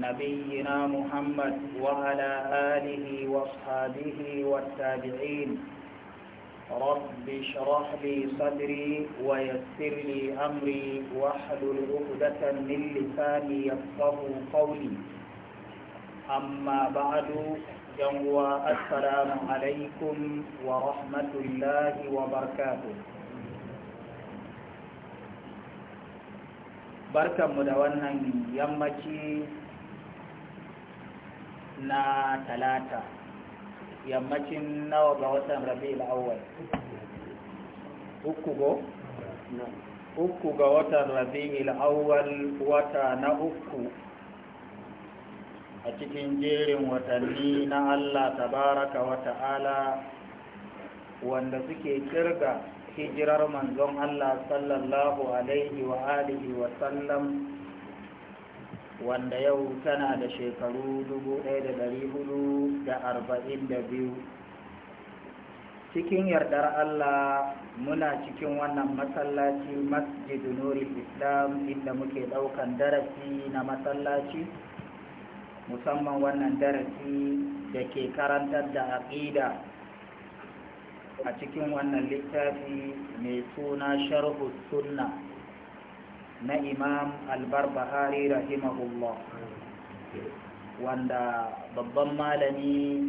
نبينا محمد وعلى آله واصحابه والتابعين رب اشرح لي صدري ويسر لي أمري واحلل عقدة من لساني يفقه قولي أما بعد جنوى السلام عليكم ورحمة الله وبركاته barkanmu da wannan yammaci na talata yammacin nawa ga watan rabi'ul awwal uku go uku ga watan rabi'ul awwal wata na uku a cikin jerin watanni na Allah tabaraka wa ta'ala wanda suke kirga hijirar manzon Allah sallallahu alaihi wa alihi wa sallam wanda yau tana da shekaru da da arba'in biyu. cikin yardar Allah muna cikin wannan masallaci masjid nuri islam inda muke ɗaukan darasi na masallaci musamman wannan darasi da ke karantar da aƙida a cikin wannan littafi mai suna sharhu sunna na imam albarbahari rahimahullah wanda babban malami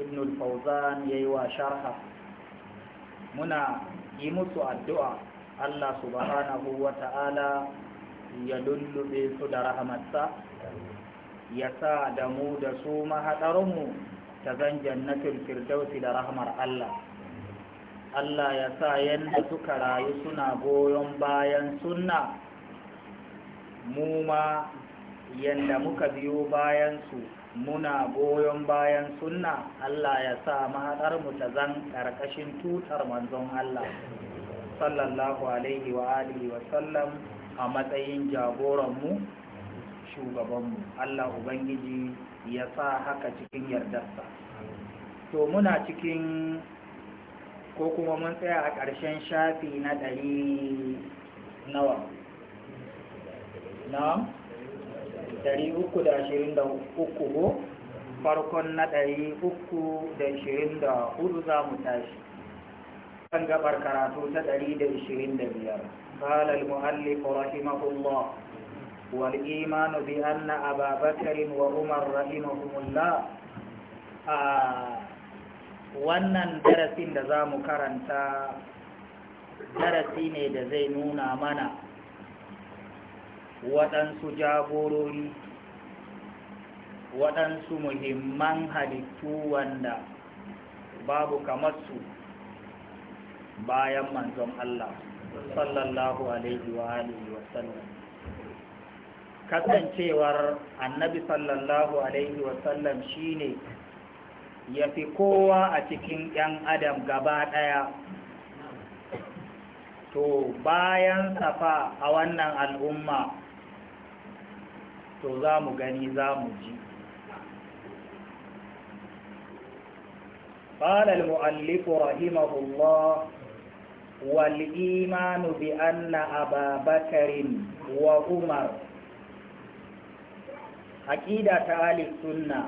ibn al-fawzan ya yi wa sharha muna yi musu addu'a Allah subhanahu wa ta'ala ya lullube su da rahamatsa ya sa da mu da su mahaɗarmu ta zan jannatin firdausi da rahmar Allah Allah ya sa yadda suka rayu suna goyon bayan sunna mu yadda muka biyo bayansu muna goyon bayan sunna Allah ya sa mahaɗarmu ta zan ƙarƙashin tutar manzon Allah sallallahu alaihi wa alihi wa sallam a matsayin jagoranmu shugabanmu Allah Ubangiji ya sa haka cikin yardarsa to muna cikin ko kuma mun tsaya a ƙarshen shafi na ɗari nawa na ɗari uku da ashirin da uku ko farkon na ɗari uku da ashirin da hudu za mu tashi kan gabar karatu ta ɗari da ashirin da biyar قال المؤلف rahimahullah الله والإيمان بأن أبا بكر وعمر رحمهم الله آه wannan darasin da za mu karanta darasi ne da zai nuna mana waɗansu jagorori waɗansu muhimman halittu wanda babu kamar su bayan manzon Allah sallallahu alaihi wa alihi wa sallam kasancewar annabi sallallahu alaihi wa sallam shine ya fi kowa a cikin 'yan adam gaba ɗaya to bayan safa a wannan al'umma to za mu gani za mu ji قال المؤلف رحمه الله والإيمان بأن أبا بكر وعمر عقيدة أهل السنة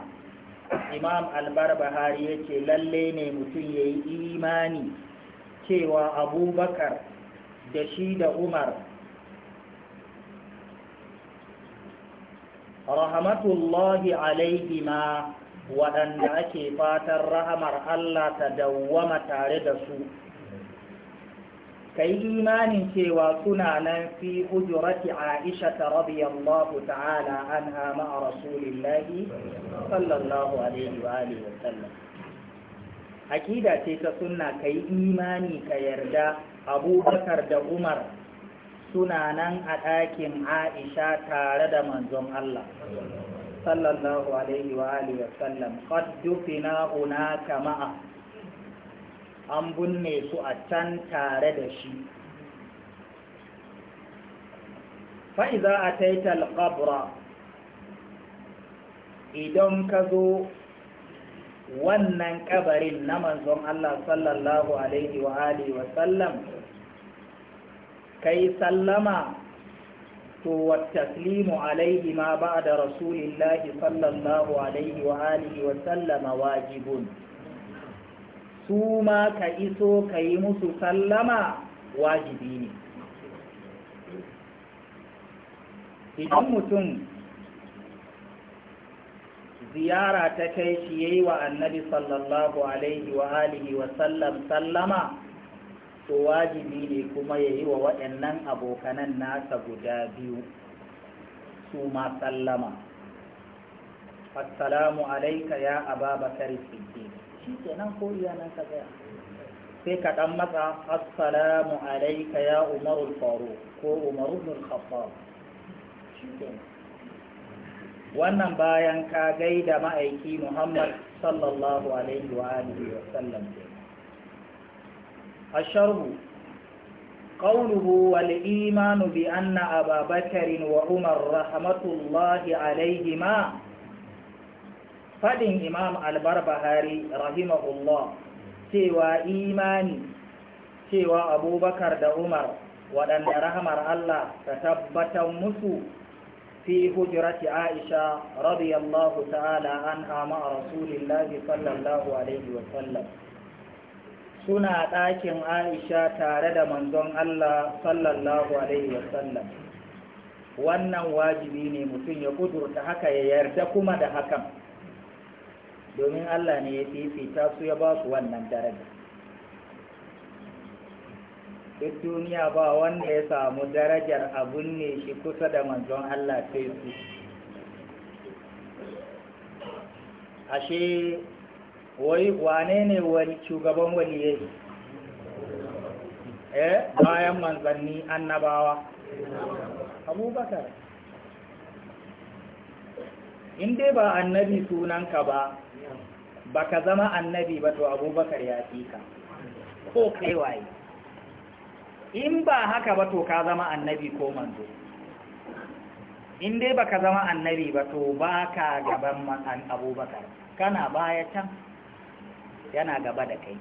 imam albarbahari ya ce lalle ne mutum ya yi imani cewa abubakar da shi da umar rahmatullahi alaihi ma waɗanda ake fatan rahamar allah ta dawwama tare da su ka yi imanin cewa suna nan fi hujurati aisha ta radiyallahu ta'ala an hama a rasulillahi sallallahu alaihi wa alihi wa sallam akida ce ta suna ka yi imani ka yarda abubakar da umar suna nan a ɗakin aisha tare da manzon Allah sallallahu alaihi wa alihi wa sallam qad dufina ma'a an binne su a can tare da shi fa'iza a taital ƙabra idan ka zo wannan ƙabarin na manzon Allah sallallahu Alaihi wa wasallam kai sallama to Taslimu alaihi ma ba da rasulillahi sallallahu alaihi wa wajibun su ma ka iso ka yi musu sallama wajibi ne idan mutum ziyara ta kai shi ya yi wa annabi sallallahu alaihi wa alihi wa sallam sallama to wajibi ne kuma ya yi wa waɗannan abokanan nasa guda biyu su ma sallama assalamu alaika ya ababakar siddiq shi kenan ko iya nan ka tsaya sai ka ɗan matsa assalamu alaika ya umaru faru ko umaru bin khattab wannan bayan ka gaida ma'aiki muhammad sallallahu alaihi wa alihi wa sallam asharhu qawluhu wal imanu bi anna ababakarin wa umar rahmatullahi alaihima faɗin imam albarbahari rahimahullah cewa imani cewa abubakar da umar waɗanda rahamar Allah ta tabbatar musu fi hujrati aisha radiyallahu ta'ala anha a rasulillahi sallallahu alaihi wa sallam suna ɗakin aisha tare da manzon Allah sallallahu alaihi wa sallam wannan wajibi ne mutum ya kudurta haka ya yarda kuma da hakan domin Allah ne ya fifita su ya ba su wannan daraja duk duniya ba wanda ya samu darajar abun ne shi kusa da manzon Allah sai su ashe wai wane ne wani shugaban eh bayan manzanni annabawa abubakar in dai ba annabi sunanka ba baka zama annabi ba to abubakar ya fi ka ko kai waye in ba haka ba to ka zama annabi ko manzo in dai baka zama annabi ba to ba ka gaban an abubakar kana baya can yana gaba da kai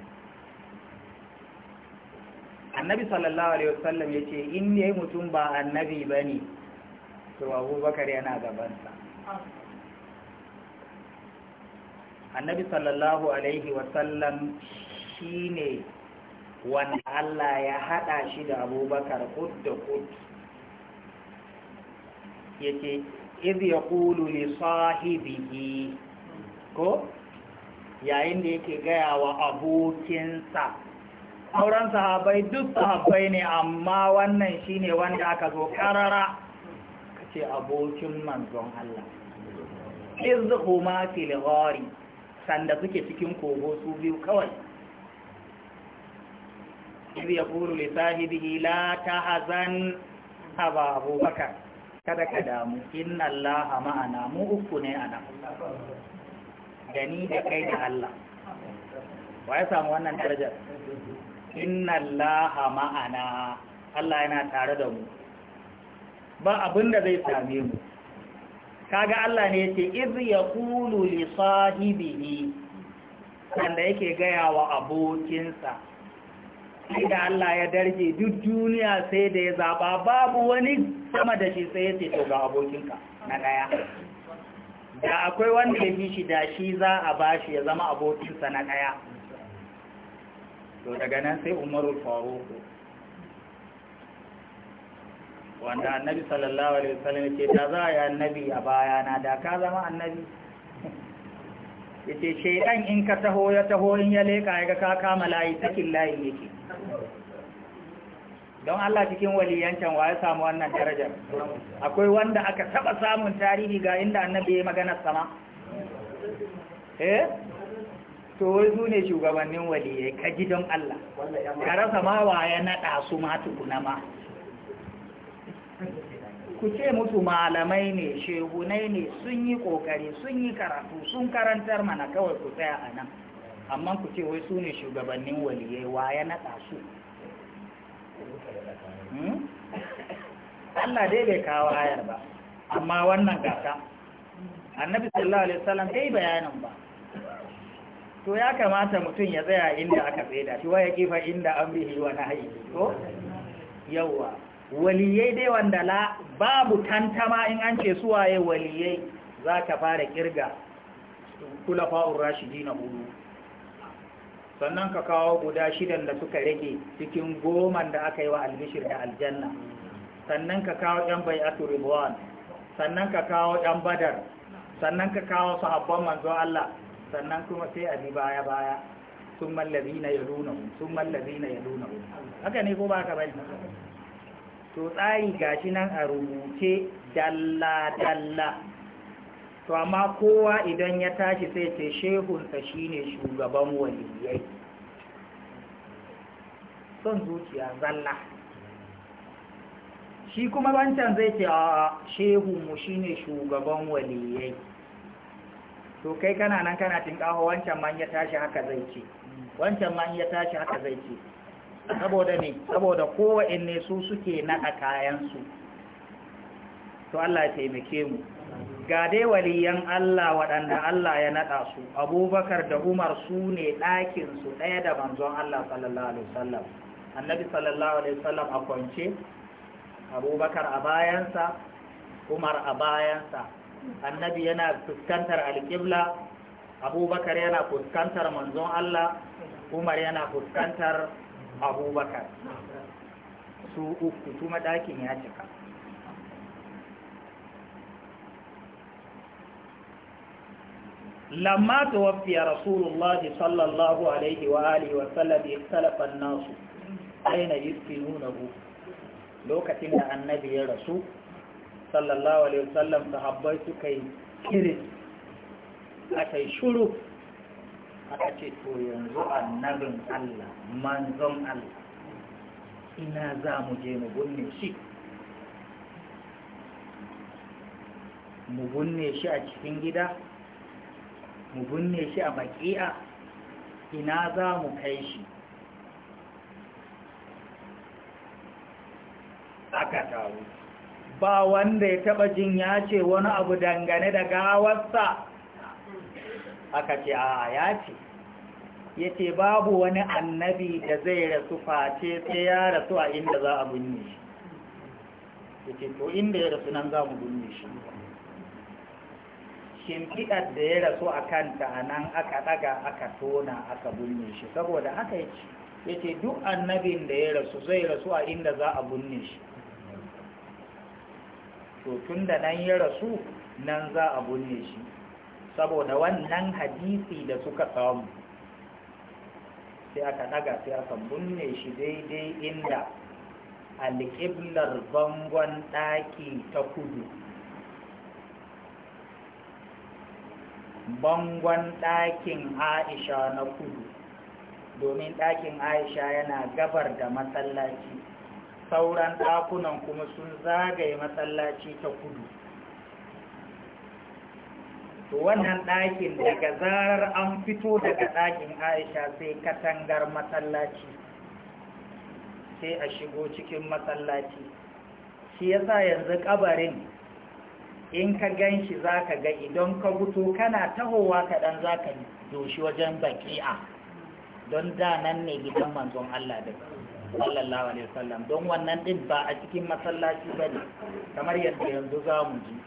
annabi sallallahu alaihi wasallam ya ce in yi mutum ba annabi ba ne to abubakar yana gabansa annabi sallallahu alaihi wasallam shi ne wanda Allah ya haɗa shi da abubakar kudda kudu ya ce iz ya kulu li sahibihi ko yayin da yake gaya wa abokinsa sauran sahabai duk sahabai ne amma wannan shi ne wanda aka zo karara ce abokin manzon Allah izi kuma fil sanda suke cikin kogo su biyu kawai iz yaqulu li sahibihi la tahzan aba abubakar kada ka damu inna allaha ma'ana mu uku ne ana gani da kai da Allah wa ya samu wannan darajar inna allaha ma'ana Allah yana tare da mu ba abinda zai same mu kaga Allah ne yace iz yaqulu li sahibihi wanda yake gaya wa abokinsa da Allah ya darje duk duniya sai da ya zaba babu wani sama da shi sai yace to ga abokinka na daya da akwai wanda ya fi shi da shi za a bashi ya zama abokinsa na daya to daga nan sai Umarul Faruq wanda annabi sallallahu alaihi wasallam ce ta za a yi annabi a baya na, da ka zama annabi yace shaidan in ka taho ya taho in ya leka ya ga ka kama layi sakin layi yake don Allah cikin waliyancan wa ya samu wannan darajar akwai wanda aka taba samun tarihi ga inda annabi ya magana sama eh to wai su ne shugabannin waliyai ka ji don Allah ka rasa ma wa ya naɗa su ma tukuna ma ku ce musu malamai ne shehunai ne sun yi kokari sun yi karatu sun karantar mana kawai ku tsaya a nan amma ku ce wai su ne shugabannin waliye wa ya naɗa su hmm? Allah dai bai kawo ayar ba amma wannan gasa annabi sallallahu alaihi wasallam bai bayanin ba to ya kamata mutum ya tsaya inda aka da shi wa ya kifa inda amrihi wa nahyi to yawa waliyai dai wanda la babu tantama in an ce waye waliyai za ka fara kirga kula fa'un rashidi na hudu sannan ka kawo guda shidan da suka rage cikin goman da aka yi wa albishir da aljanna sannan ka kawo ‘yan bai ribuwan sannan ka kawo ‘yan badar sannan ka kawo sahabban manzo Allah sannan kuma sai a bi baya-baya sun mallabi na yalunan sun mallabi na yalunan haka ne ko ba ka bai to tsari gashi nan a rubuce dalla-dalla to amma kowa idan ya tashi sai ce shehunsa shine shugaban waliyai son zuciya zalla shi kuma wancan zai ce a shehunmu shine shugaban waliyai to kai kana nan kana tinkaho wancan man ya tashi haka zai ce wancan man ya tashi haka zai ce saboda ne saboda kowanne su suke naɗa kayansu to Allah ya taimake mu ga dai waliyan Allah waɗanda Allah ya naɗa su abubakar da umar su ne ɗakinsu ɗaya da manzon Allah sallallahu alaihi wasallam annabi sallallahu alaihi wasallam a kwance abubakar a bayansa umar a bayansa annabi yana fuskantar alƙibla abubakar yana fuskantar manzon Allah umar yana fuskantar abubakar su uku su madakin ya cika lamma tuwaffiya rasulullah sallallahu alaihi wa alihi wa sallam ikhtalafa an-nasu aina yaskinunahu lokacin da annabi ya rasu sallallahu alaihi wa sallam sahabbai suka yi kiris aka yi shuru aka ce to yanzu annabin Allah manzon Allah ina za mu je mu gunne shi mu gunne shi a cikin gida mu gunne shi a baki'a ina za mu kai shi aka taru ba wanda ya taba jin ya ce wani abu dangane da gawarsa aka ce a ya ce ya ce babu wani annabi da zai rasu face sai ya rasu a inda za a binne shi ya ce to inda ya rasu nan za mu binne shi shimfiɗar da ya rasu a kanta a nan aka ɗaga aka tona aka binne shi saboda aka yi ce ya ce duk annabin da ya rasu zai rasu a inda za a binne shi to tun da nan ya rasu nan za a binne shi saboda wannan hadisi da suka samu sai aka daga sai aka bunne shi daidai inda alƙiblar bangon ɗaki ta kudu bangon ɗakin aisha na kudu domin ɗakin aisha yana gabar da matsalaci, sauran ɗakunan kuma sun zagaye matsalaci ta kudu wannan ɗakin daga zarar an fito daga ɗakin aisha sai katangar matsalaci sai a shigo cikin matsalaci shi yasa yanzu kabarin in ka gan shi za ka ga idan ka guto kana tahowa kaɗan za ka doshi wajen baki'a don danan ne gidan manzon Allah da sallallahu alaihi wasallam don wannan din ba a cikin masallaci ba ne kamar yadda yanzu za mu ji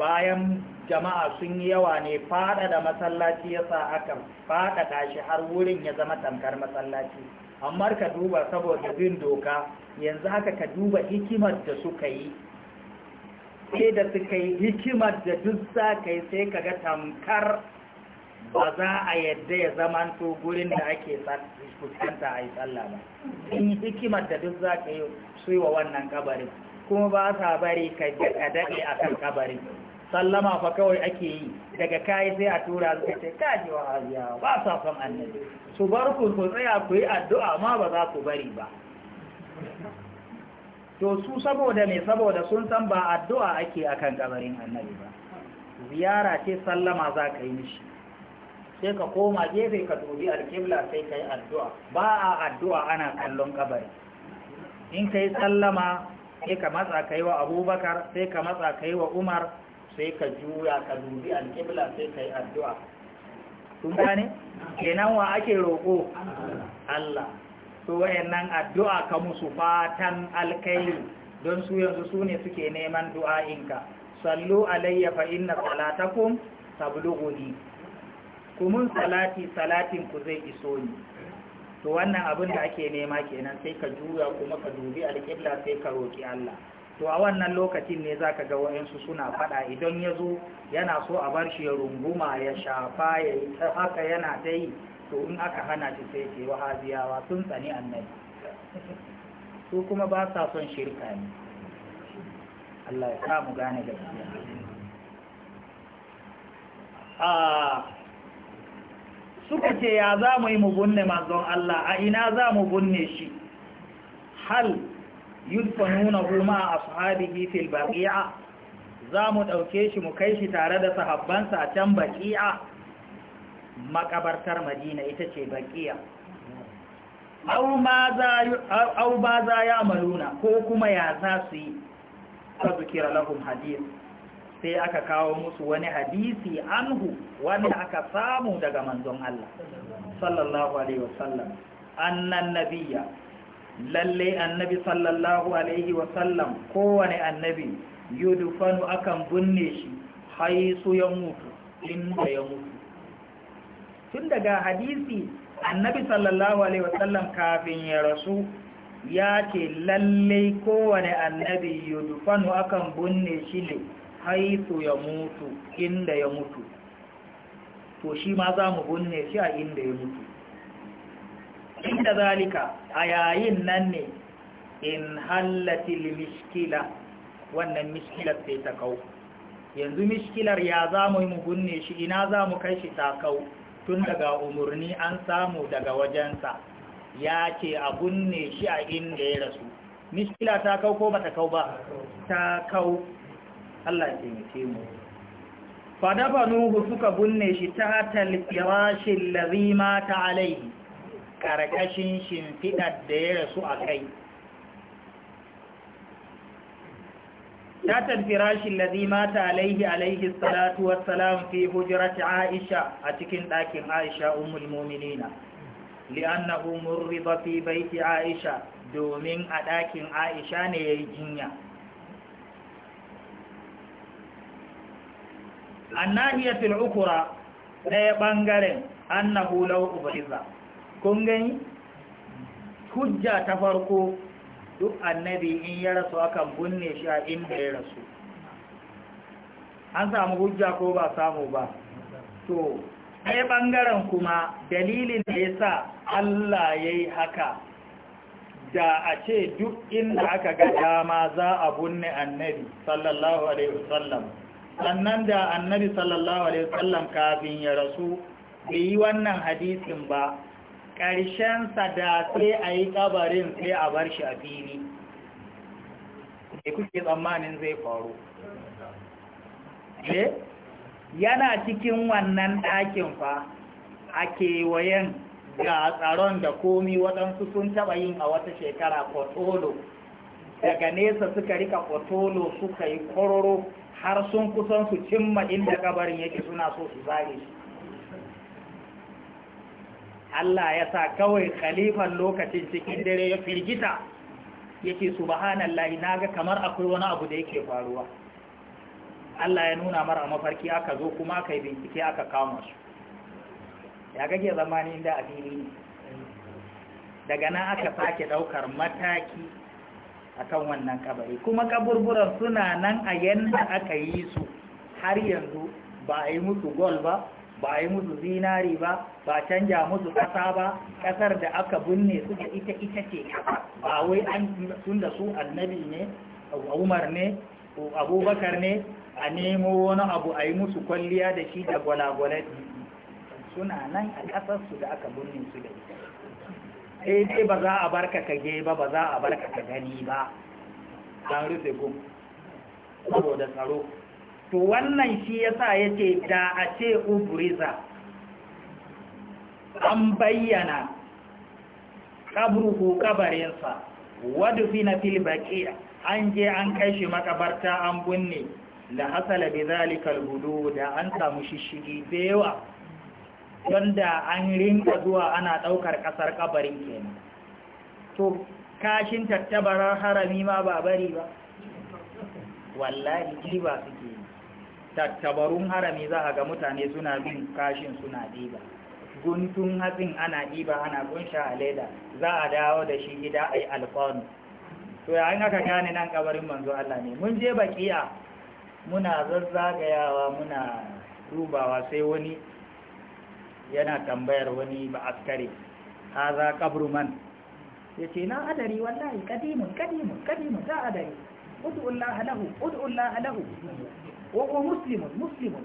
bayan jama'a sun yi yawa ne faɗaɗa masallaci ya sa aka faɗaɗa shi har wurin ya zama tamkar masallaci amma ka duba saboda bin doka yanzu haka ka duba hikimar da suka yi sai da suka yi hikimar da duk za yi sai kaga ga tamkar ba za a yadda ya zama to gurin da ake fuskanta a yi tsalla ba in hikimar da duk za ka yi su wa wannan kabarin kuma ba sa bari ka daɗe a kan kabarin sallama fa kawai ake yi daga kayi sai a tura suka ce kaji wa hajiya ba sa son annabi su bar ku ku tsaya ku yi addu'a ma ba za ku bari ba to su saboda me saboda sun san ba addu'a ake akan kabarin annabi ba ziyara ce sallama za ka yi mishi sai ka koma gefe ka tobi alƙibla sai ka yi addu'a ba a addu'a ana kallon kabari in ka yi sallama sai ka matsa ka yi wa abubakar sai ka matsa ka yi wa umar sai ka juya ka dubi alƙibla sai ka yi addu'a Sun gane kenan wa ake roƙo Allah so wayannan addu'a ka musu fatan alkairi don su yanzu su ne suke neman du'a'inka sallu alayya fa inna salatakum Ku kumun salati salatin ku zai iso ni to wannan abin da ake nema kenan sai ka juya kuma ka dubi alƙibla sai ka roƙi Allah to a wannan lokacin ne za ka ga wayansu suna fada idan ya zo yana so a bar shi ya runguma ya shafa ya yi ta haka yana ta yi to in aka hana shi sai ce haziyawa sun tsani annabi su kuma ba sa son shirka ne Allah ya sa mu gane gaskiya a suka ce ya za mu yi mu bunne manzon Allah a ina za mu bunne shi hal yudfanunahu ma ashabihi fil baqi'a za mu ɗauke shi mu kai shi tare da sahabbansa a can baƙi'a makabartar madina ita ce baƙi'a au ba za ya maluna ko kuma ya za su yi ta zukira lahum hadis sai aka kawo musu wani hadisi anhu wani aka samu daga manzon Allah sallallahu alaihi wasallam annan lalle annabi sallallahu alaihi wasallam kowane annabi yudufanu akan binne shi haisu ya mutu inda ya mutu tun daga hadisi annabi sallallahu alaihi wasallam kafin ya rasu ya ce lalle kowane annabi yudufanu akan binne shi ne haisu ya mutu inda ya mutu to shi ma za mu binne shi a inda ya mutu da zalika a yayin nan ne in hallatil mishkila wannan mishkilar sai ta kau yanzu mishkilar ya za mu mu gunne shi ina za mu kai shi ta kau tun daga umarni an samu daga wajensa ya ce a gunne shi a inda ya rasu mishkila ta kau ko ba ta kau ba ta kau Allah ya taimake mu fadafa nuhu suka gunne shi ta talfirashin lazima ta alaihi ƙarƙashin shimfiɗar da ya rasu a kai tatar firashin lazi mata alaihi alaihi salatu wassalam fi hujirati aisha a cikin ɗakin aisha umul Lianna Umar, riba fi baiti aisha domin a ɗakin aisha ne ya yi jinya annahiyatul ukura ɗaya ɓangaren annahu law ubriza kun gani hujja ta farko duk annabi in ya rasu akan bunne shi a inda ya rasu an samu hujja ko ba samu ba to ai ɓangaren kuma dalilin da ya sa Allah ya yi haka da a ce duk inda aka ga dama za a bunne annabi sallallahu alaihi wasallam sannan da annabi sallallahu alaihi wasallam kafin ya rasu bai yi wannan hadisin ba ƙarshensa da sai a yi ƙabarin sai a bar shi a fili da kuke tsammanin zai faru eh? yana cikin wannan ɗakin fa a kewayen ga tsaron da komi waɗansu sun taɓa yin a wata shekara kwatolo daga nesa suka rika kwatolo suka yi kororo har sun kusan su cimma inda ƙabarin yake suna so su zare shi Allah ya sa kawai khalifan lokacin cikin dare ya firgita yake subhanallahi naga kamar akwai wani abu da yake faruwa Allah ya nuna mara mafarki aka zo kuma kai bincike aka kama su ya gage zamani da a ne daga nan aka sake daukar mataki akan wannan kabari kuma kaburburan suna nan a yanda aka yi su har yanzu ba a yi musu gol ba ba a yi musu zinari ba ba canja musu ƙasa ba ƙasar da aka binne su da ita ita ce ba wai an tun da su annabi ne umar ne abubakar ne a nemo wani abu a yi musu kwalliya da shi da gwalagwale suna nan a ƙasarsu da aka binne su da ita sai eh, ba za a barka ka ge ba ba za a barka ka gani ba an rufe gun saboda tsaro to wannan shi yasa yace da a ce ubriza an bayyana ƙabarinsa. kabarinsa fi na baqiya an je an kai shi makabarta an bunne da hasala bi zalikal da an samu shishigi da yawa don da an rinka zuwa ana ɗaukar ƙasar ƙabarin kenan to kashin tattabarar harami ma ba bari ba wallahi ba suke tattabarun harami za a ga mutane suna bin kashin suna ba. guntun hatsin ana ɗiba ana gunsha a leda za a dawo da shi gida a yi alfanu to yayin aka gane nan kabarin manzo Allah ne mun je bakiya muna zazzagayawa muna dubawa sai wani yana tambayar wani ba askare haza kabru man ya ce na adari wallahi kadimun kadimun kadimun za adari ud'u Allah lahu ud'u lahu wa muslimun muslimun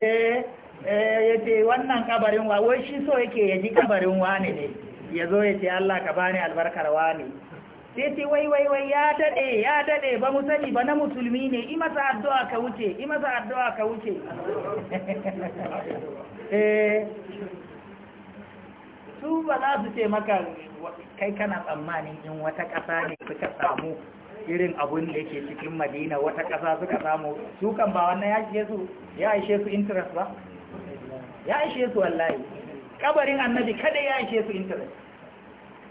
eh eh yace wannan kabarin wa wai shi so yake ya ji kabarin wa ne ne, ya zo ya ce Allah ka bani albarkar ne sai ce wai wai wai ya dade ya dade ba mu sani ba na musulmi ne i masa addu'a ka wuce i masa addu'a ka wuce eh su ba za su ce maka kai kana tsammanin in wata ƙasa ne suka samu irin abun da yake cikin madina wata ƙasa suka samu dukan ba wannan ya ishe su ya ishe su interest ba ya ishe su wallahi kabarin annabi kada ya ishe su interest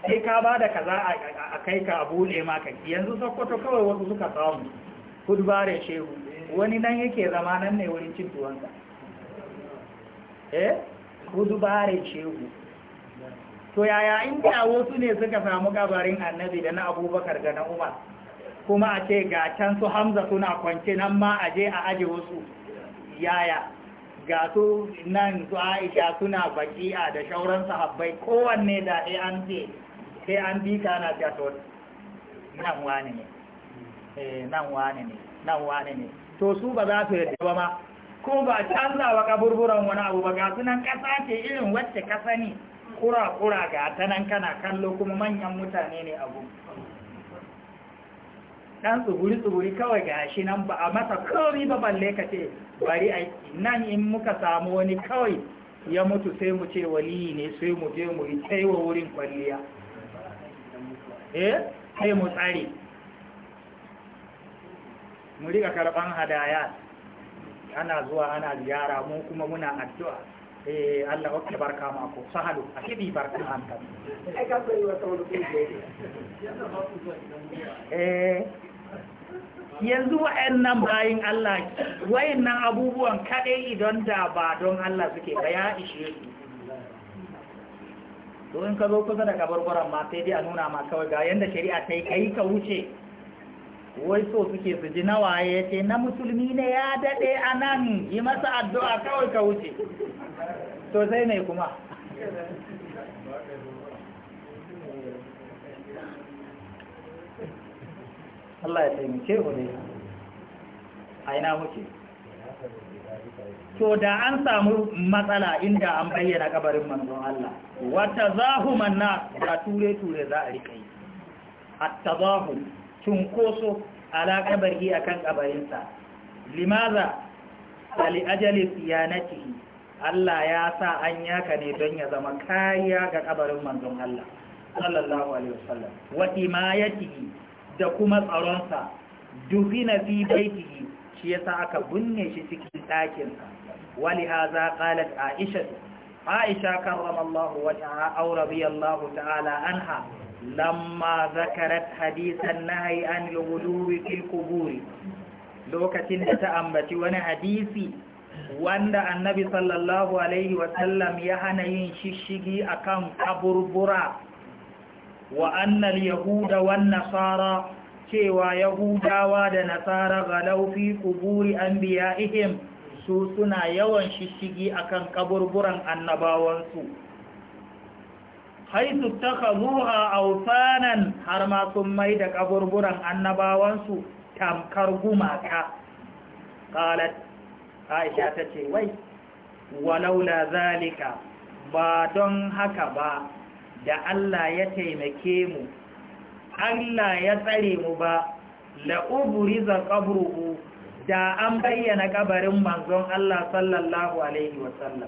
sai ka ba da kaza a kai ka abu ne maka yanzu sokoto kawai wasu suka samu hudbare shehu wani nan yake zama nan ne wurin cin tuwanka eh hudbare shehu to yaya in da wasu ne suka samu kabarin annabi da na abubakar ga na umar kuma a ce ga can su hamza suna kwance nan ma a je a aji wasu yaya ga su nan su aisha suna baki'a da shauran sahabbai kowanne da an ce sai an bi ka na jato nan wani eh, ne nan wani ne nan wani ne to su ba za su yi ba ma ko ba canza wa kaburburan wani abu ba ga su nan kasa ce irin wacce kasa ne kura-kura ga ta nan kana kallo kuma manyan mutane ne abu ɗan tsuburi-tsuburi kawai ga shi nan ba a masa kawai ba balle ka ce bari a nan in muka samu wani kawai ya mutu sai mu ce waliyi ne sai mu je mu yi wa wurin kwalliya eh sai mu tsari. mu riga karban hadaya ana zuwa ana ziyara mu kuma muna addu'a Eh, Allah hokke barka mako. sahalu a kidi barka an kan ai ka koyi wata wani eh yanzu nan bayin Allah nan abubuwan kaɗai idan da ba don Allah suke ba ya ishe su to in ka zo kusa da kabarbaran ma sai dai a nuna ma kawai ga yanda shari'a ta yi kai ka wuce wai so suke su ji nawa ya ce na musulmi ne ya daɗe a nan yi masa addu'a kawai ka wuce to zai mai kuma Allah ya taimake ku ne a ina muke to da an samu matsala inda an bayyana kabarin manzon Allah wata zahuman na da ture-ture za a riƙa yi a tazahum cunkoso ala a akan ƙabarinsa. limaza ali ajali siyanatihi Allah ya sa an yaka ne don ya zama kariya ga ƙabarin manzon Allah sallallahu alaihi wasallam da kuma tsaronsa dufina fi baitihi shi yasa aka binne shi cikin ɗakinsa wali haza qalat aisha aisha karramallahu wajha aw radiyallahu ta'ala anha lamma zakarat hadisan nahyi an al-wudu'i fil lokacin da ta ambaci wani hadisi wanda annabi sallallahu alaihi wasallam ya hana yin shishigi akan kaburbura wa annal yahuda wan nasara cewa yahudawa da nasara galau fi kuburi anbiya'ihim su suna yawan shishigi akan ƙaburburan annabawansu haitu takhazuha awsanan har ma sun mai da kaburburan annabawansu tamkar gumaka ƙalat aisha ce wai walaula zalika ba don haka ba da Allah ya taimake mu Allah ya tsare mu ba la'uburiza qabruhu da an bayyana ƙabarin manzon Allah sallallahu alaihi wasallam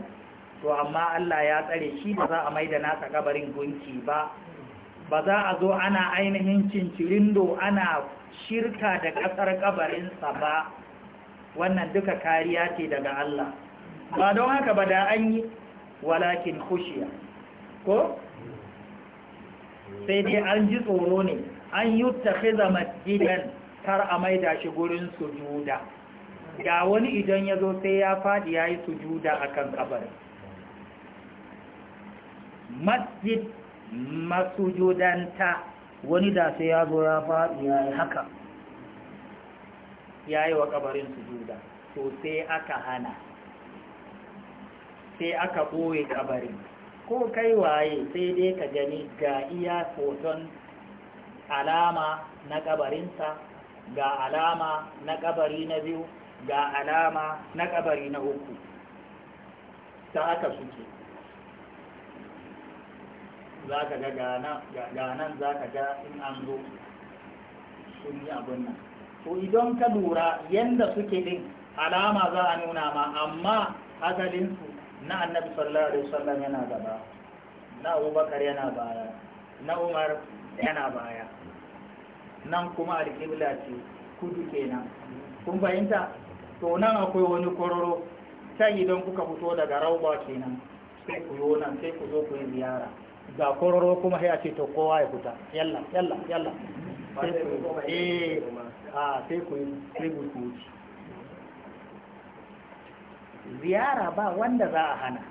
to amma Allah ya tsare shi ba za a maida nasa kabarin gunki ba ba za a zo ana ainihin cincirindo ana shirka da ƙasar kabarinsa ba wannan duka kariya ce daga Allah ba don haka ba da an yi walakin khushiya ko sai dai an ji tsoro ne an yi tafiza masjidan kar a maida shi gurin sujuda ga wani idan ya zo sai ya faɗi ya yi sujuda a kan kabarin masjid masujudanta wani da sai ya zo ya faɗi ya yi haka ya yi wa kabarin sujuda to sai aka hana sai aka ɓoye kabarin ko kai waye sai dai ka gani ga iya hoton alama na ƙabarinsa ga alama na ƙabari na biyu ga alama na ƙabari na uku ta aka suke za ka ga ganan za ka ga in an zo sun yi abin nan to idan ka lura yadda suke din alama za a nuna ma amma asalinsu na annabi sallallahu alaihi wasallam yana gaba na abubakar yana baya na umar yana baya nan kuma alƙibla ce kudu kenan kun fahimta to nan akwai wani kororo can idan kuka fito daga rauba kenan sai ku yi nan sai ku zo ku yi ziyara ga kororo kuma sai a ce to kowa ya fita yalla yalla yalla sai ku yi eh, wuce ziyara ba wanda za a hana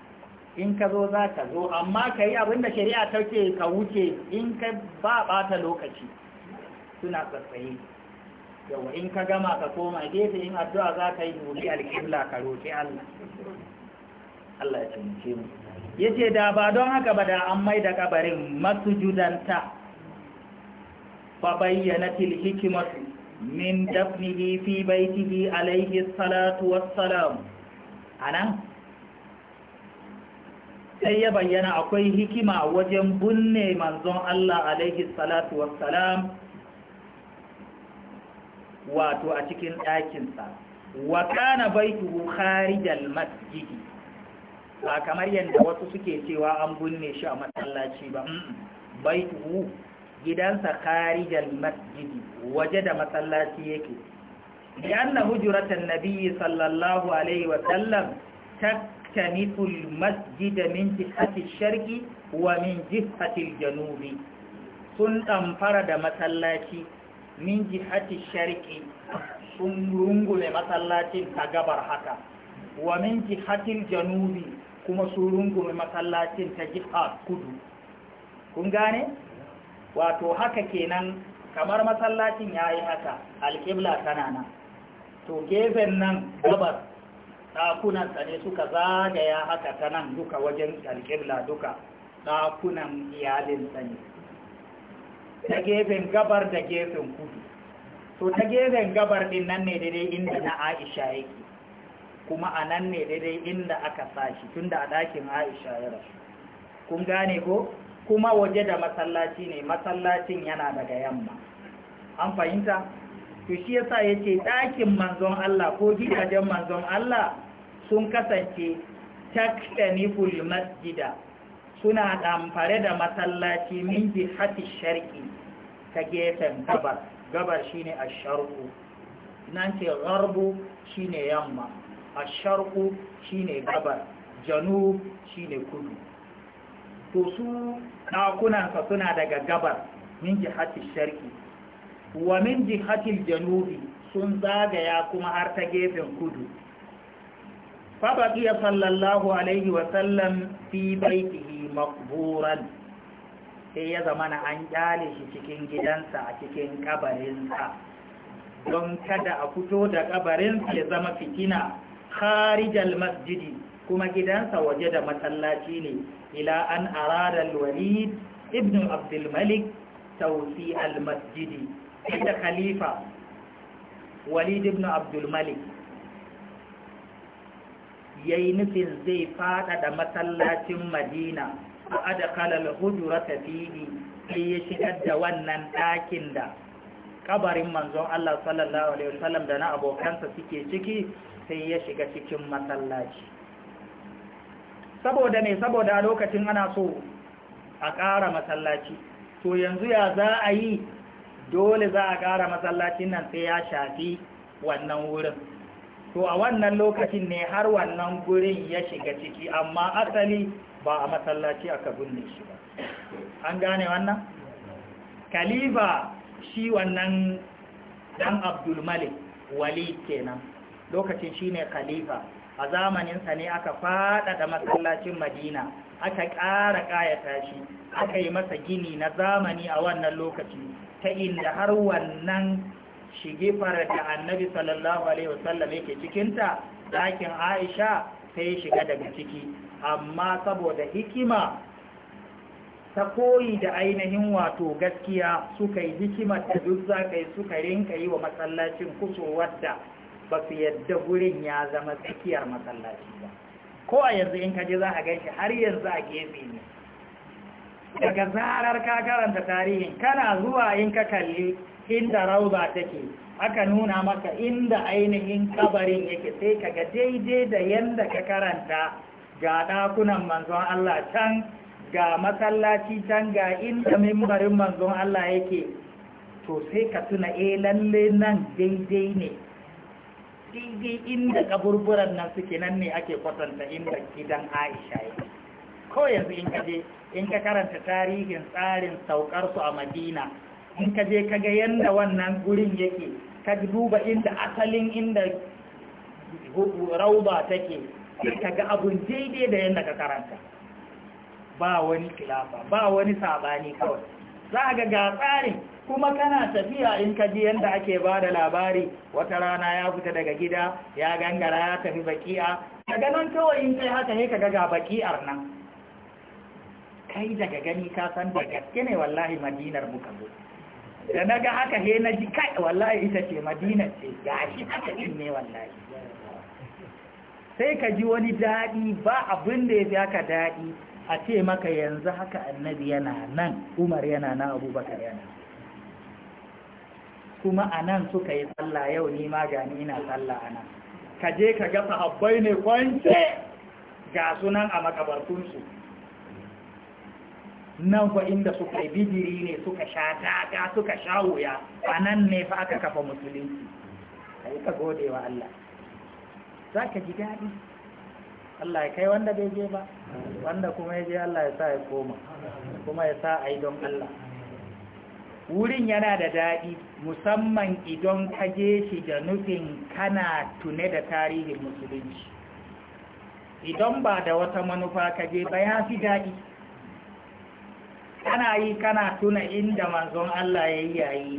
in ka zo za ka zo amma ka yi abinda shari'a ta ce ka wuce in ka ba bata lokaci suna tsatsaye yawa in ka gama ka koma gefe in addu'a za ka yi wuri alƙibla ka roƙi Allah Allah ya taimake mu ya ce da ba don haka ba da an mai da kabarin judanta ba bayyana hikimatu min dafnihi fi baitihi alaihi salatu wassalam anan sai ya bayyana akwai hikima wajen bunne manzon Allah alaihi salatu wassalam wato a cikin ɗakinsa wa kana baituhu kharijal masjidi ba kamar yadda wasu suke cewa an binne shi a masallaci ba baituhu gidansa kharijal masjid waje da masallaci yake lianna hujratan nabiyyi sallallahu alaihi wa sallam taktanifu almasjida min jihati ash-sharqi wa min jihati al-janubi sun damfara da masallaci min jihati ash-sharqi sun rungume masallacin ta gabar haka wa min jihati al-janubi kuma su rungume masallacin ta jiha kudu kun gane wato haka kenan kamar masallacin ya yi haka alƙibla tana nan to gefen nan gabar, ɗakunan ne suka zagaya haka ta nan duka wajen alƙibla duka ɗakunan iyalin tsani. ta gefen gabar da gefen kudu to ta gefen gabar din nan ne daidai inda na aisha yake kuma a nan ne daidai inda aka sashi tunda a ɗakin aisha ya rasu kun gane ko kuma waje da masallaci ne masallacin yana daga yamma an fahimta to shi ya sa ya ce ɗakin manzon Allah ko gidajen manzon Allah sun kasance taktaniful masjida suna ɗamfare da masallaci min hati sharqi ta gefen gabar gabar shine a sharku nan ce gharbu shine yamma asharku shine gabar janub shine kudu to su ɗakunansa suna daga gabar min sharki wa min jihati janubi sun zagaya kuma har ta gefen kudu fabaƙiya sallallahu alaihi wasallam fi baitihi makburan sai ya zama na an ƙyale shi cikin gidansa a cikin ƙabarinsa don kada a fito da ƙabarinsa ya zama fitina kharijal masjidi kuma gidansa waje da masallaci ne ila an aradal walid ibn abdul malik tawsi al-masjidi inda khalifa walid ibn abdul malik yayi nufin zai fada da masallacin madina a adakala al-hujurata fihi sai ya shigar da wannan dakin da kabarin manzon Allah sallallahu alaihi wasallam da na abokansa suke ciki sai ya shiga cikin masallaci saboda ne saboda a lokacin ana so a ƙara masallaci to yanzu ya za a yi dole za a ƙara masallacin nan sai ya shafi wannan wurin to a wannan lokacin ne har wannan gurin ya shiga ciki amma asali ba a masallaci aka gunne shi ba an gane wannan Kalifa. shi wannan dan abdulmalik wali kenan lokacin ne khalifa a zamaninsa ne aka faɗaɗa masallacin madina aka ƙara ƙayata shi aka yi masa gini na zamani a wannan lokaci ta inda har wannan shigifar da annabi sallallahu alaihi wasallam yake cikinta ɗakin aisha sai shiga daga ciki amma saboda hikima ta koyi da ainihin wato gaskiya suka yi hikimar da duk za ka yi suka rinka yi wa matsalacin kusurwar wadda ba su yadda gurin ya zama tsakiyar matsalacin ba ko a yanzu in kaji za a gaishe har yanzu a gefe ne daga zarar ka karanta tarihin kana zuwa in ka kalli inda rauza take aka nuna maka inda ainihin kabarin yake sai ka ga daidai da yanda ka karanta ga ɗakunan manzon Allah can ga masallaci can ga inda mimbarin manzon Allah yake to sai ka tuna eh lalle nan daidai ne daidai inda kaburburan nan suke nan ne ake kwatanta inda gidan Aisha yake ko yanzu in ka je in ka karanta tarihin tsarin saukar su a Madina in ka je kaga yanda wannan gurin yake ka duba inda asalin inda rauba take sai kaga abun daidai da yanda ka karanta ba wani kilafa ba wani sabani kawai za ga ga tsarin kuma kana tafiya in ka ji yadda ake ba da labari wata rana ya fita daga gida ya gangara ya tafi baki'a daga nan kawai in kai haka ne ka ga baki'ar nan kai daga gani ka san da gaske ne wallahi madinar muka zo da na ga haka he na ji kai wallahi ita ce madinar ce shi haka din ne wallahi sai ka ji wani daɗi ba abin da ya fi haka daɗi a ce maka yanzu haka annabi yana nan umar yana na abubakar yana kuma a nan suka yi tsalla yau ni ma gani ina tsalla a nan ka je ka ga abbai ne kwance ga sunan a makabartunsu nan fa inda suka yi bijiri ne suka sha taka, suka sha wuya a nan ne fa aka kafa musulunci ka yi ka gode wa Allah za ka ji daɗi Allah ya kai wanda bai je ba wanda kuma ya je Allah ya sa ya koma kuma ya sa a don Allah wurin yana da daɗi musamman idon ka je shi da nufin kana tune da tarihin musulunci idan ba da wata manufa ka je ba ya fi daɗi kana yi kana tuna inda manzon Allah ya yi yayi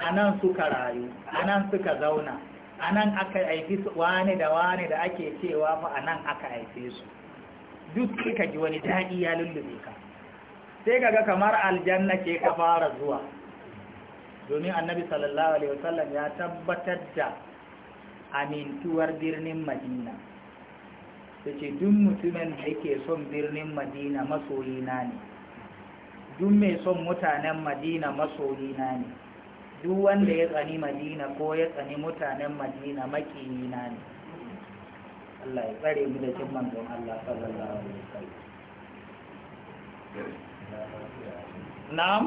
a nan suka rayu a nan suka zauna a nan aka haifi su wane da wane da ake cewa fa a nan aka haife su duk kai ka ji wani daɗi ya lullube ka sai kaga kamar aljanna ke ka fara zuwa domin annabi sallallahu alaihi wasallam ya tabbatar da amintuwar birnin madina ta ce duk mutumin da yake son birnin madina masoyina ne duk mai son mutanen madina masoyina ne duk wanda ya tsani madina ko ya tsani mutanen madina makiyina ne Allah ya tsare mu da cin manzon Allah sallallahu alaihi wasallam na'am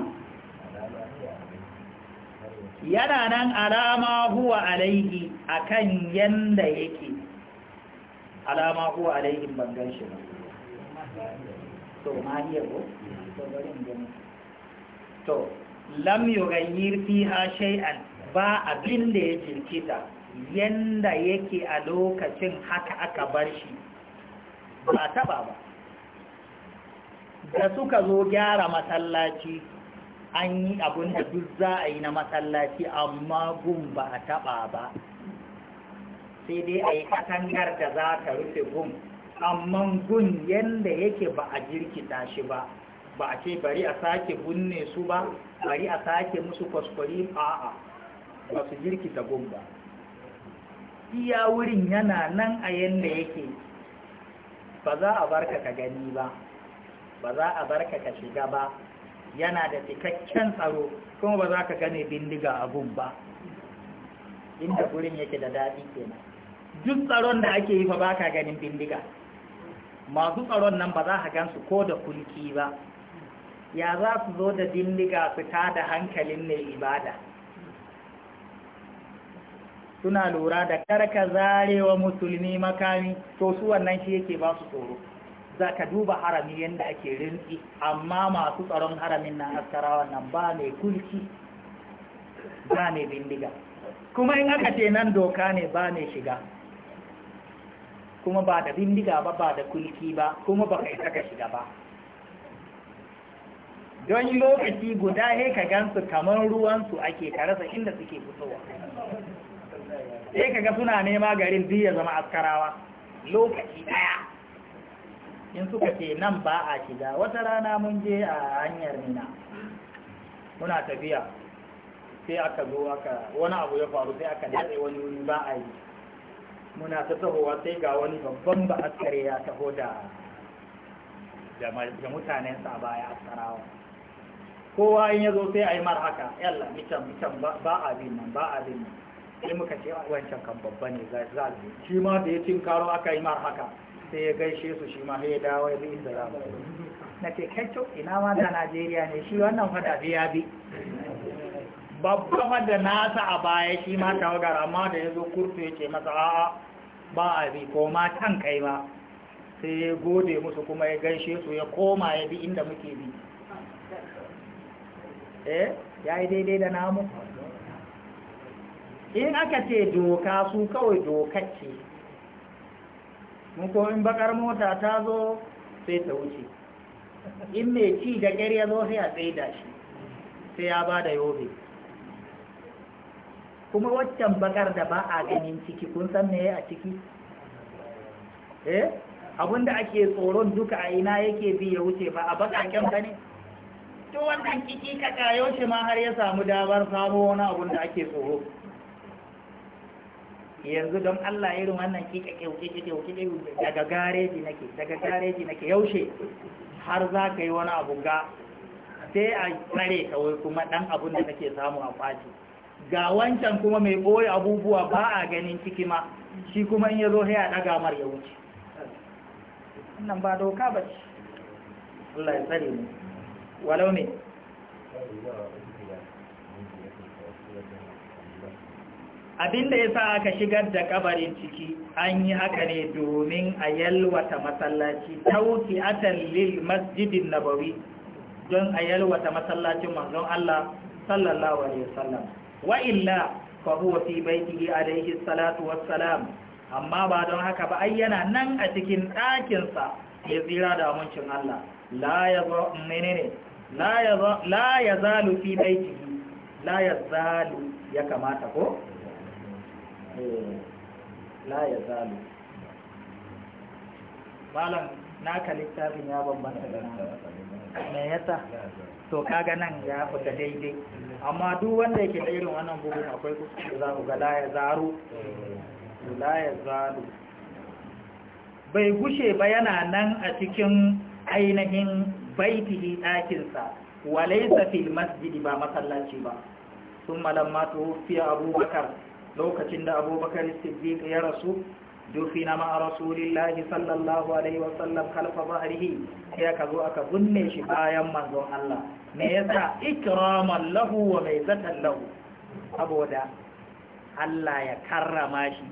yana nan alama huwa alaihi akan yanda yake alama huwa alaihi ban shi ba to ma iya ko to lam yughayyir fiha shay'an ba abin da ya jirkita yanda yake a lokacin haka aka bar shi ba taba ba da suka zo gyara masallaci an yi abin da duk za a yi na masallaci amma gun ba a taba ba sai dai a yi katangar da za ta rufe gun amma gun yanda yake ba a jirkita shi ba ba a ce bari a sake bunne su ba bari a sake musu kwaskwari a'a ba su jirkita gun ba iya wurin yana nan a yadda yake ba za a barka ka gani ba ba za a barka ka shiga ba yana da cikakken tsaro kuma ba za ka gane bindiga a gun ba inda gurin yake da daɗi kenan duk tsaron da ake yi fa ba ka ganin bindiga masu tsaron nan ba za a gansu ko da kulki ba ya za su zo da dindiga fita da hankalin mai ibada suna lura da karka zarewa musulmi makami to su wannan shi yake ba su tsoro za ka duba harami yadda ake rinsi amma masu tsaron haramin nan askarawan nan ba mai kulki ba mai bindiga kuma in aka ce nan doka ne ba mai shiga kuma ba da bindiga ba ba da kulki ba kuma ba isa saka shiga ba don lokaci guda he ka gansu kamar ruwansu ake karasa inda suke fitowa sai kaga suna nema garin duk ya zama askarawa lokaci daya in suka ce nan ba a shiga wata rana mun je a hanyar nina muna tafiya sai aka zo aka wani abu ya faru sai aka daɗe wani wuri ba a yi muna ta tahowa sai ga wani babban ba askare ya taho da da mutanensa baya askarawa kowa in ya zo sai a yi mara haka yalla mitan mitan ba a bin nan ba a bin nan sai muka ce wancan kan babba ne za a shi ma da ya cin karo aka yi mara haka sai ya gaishe su shi ma ya dawo ya bi inda za mu na ce kyakkyau ina ma da najeriya ne shi wannan fada bi ya bi babba fada nasa a baya shi ma tawagar amma da ya zo kurtu ya ce masa a'a ba a bi ko ma kan kai ma sai ya gode musu kuma ya gaishe su ya koma ya bi inda muke bi eh ya yi daidai da namu in aka ce doka su kawai dokacce ce. ko in bakar mota ta zo sai ta wuce in mai ci da ƙyar ya zo sai a tsaida shi sai ya ba da yobe kuma waccan bakar da ba a ganin ciki kun san me a ciki eh abinda ake tsoron duka a ina yake bi ya wuce ba a bakaken ba ne to wannan kiki ka kayo shi ma har ya samu damar samu wani abun da ake tsoro yanzu don Allah irin wannan kika kyauke kyauke daga gareji nake daga gareji nake yaushe har za ka yi wani abu ga sai a tsare kawai kuma ɗan abun da kake samu a faci ga wancan kuma mai ɓoye abubuwa ba a ganin ciki ma shi kuma in ya zo sai a ɗaga mar ya wuce wannan ba doka ba Allah ya tsare mu walau abinda ya sa aka shigar da kabarin ciki an yi haka ne domin a yalwata masallaci tauki atan lil masjidin nabawi don a yalwata masallacin manzon Allah sallallahu alaihi wasallam wa illa fa huwa fi baitihi alaihi salatu wassalam amma ba don haka ba ayyana nan a cikin ɗakinsa ya zira da amincin Allah la yazo menene la ya zalu fi baiti la ya zalu ya kamata ko? Eh, la ya zalu malam naka littafin ya bambanta da me yasa to kaga nan ya fita daidai amma duk wanda yake da irin wannan bugun akwai kusa za ku ga la ya zaru la ya zalu bai gushe ba yana nan a cikin ainihin baitihi ɗakinsa wa laysa fil masjidi ba masallaci ba thumma lamma tuwfiya abubakar lokacin da abubakar siddiq ya rasu dufina ma rasulillahi sallallahu alaihi wa sallam khalfa zahrihi sai aka zo aka bunne shi bayan manzon Allah me yasa ikraman lahu wa maizatan lahu saboda Allah ya karrama shi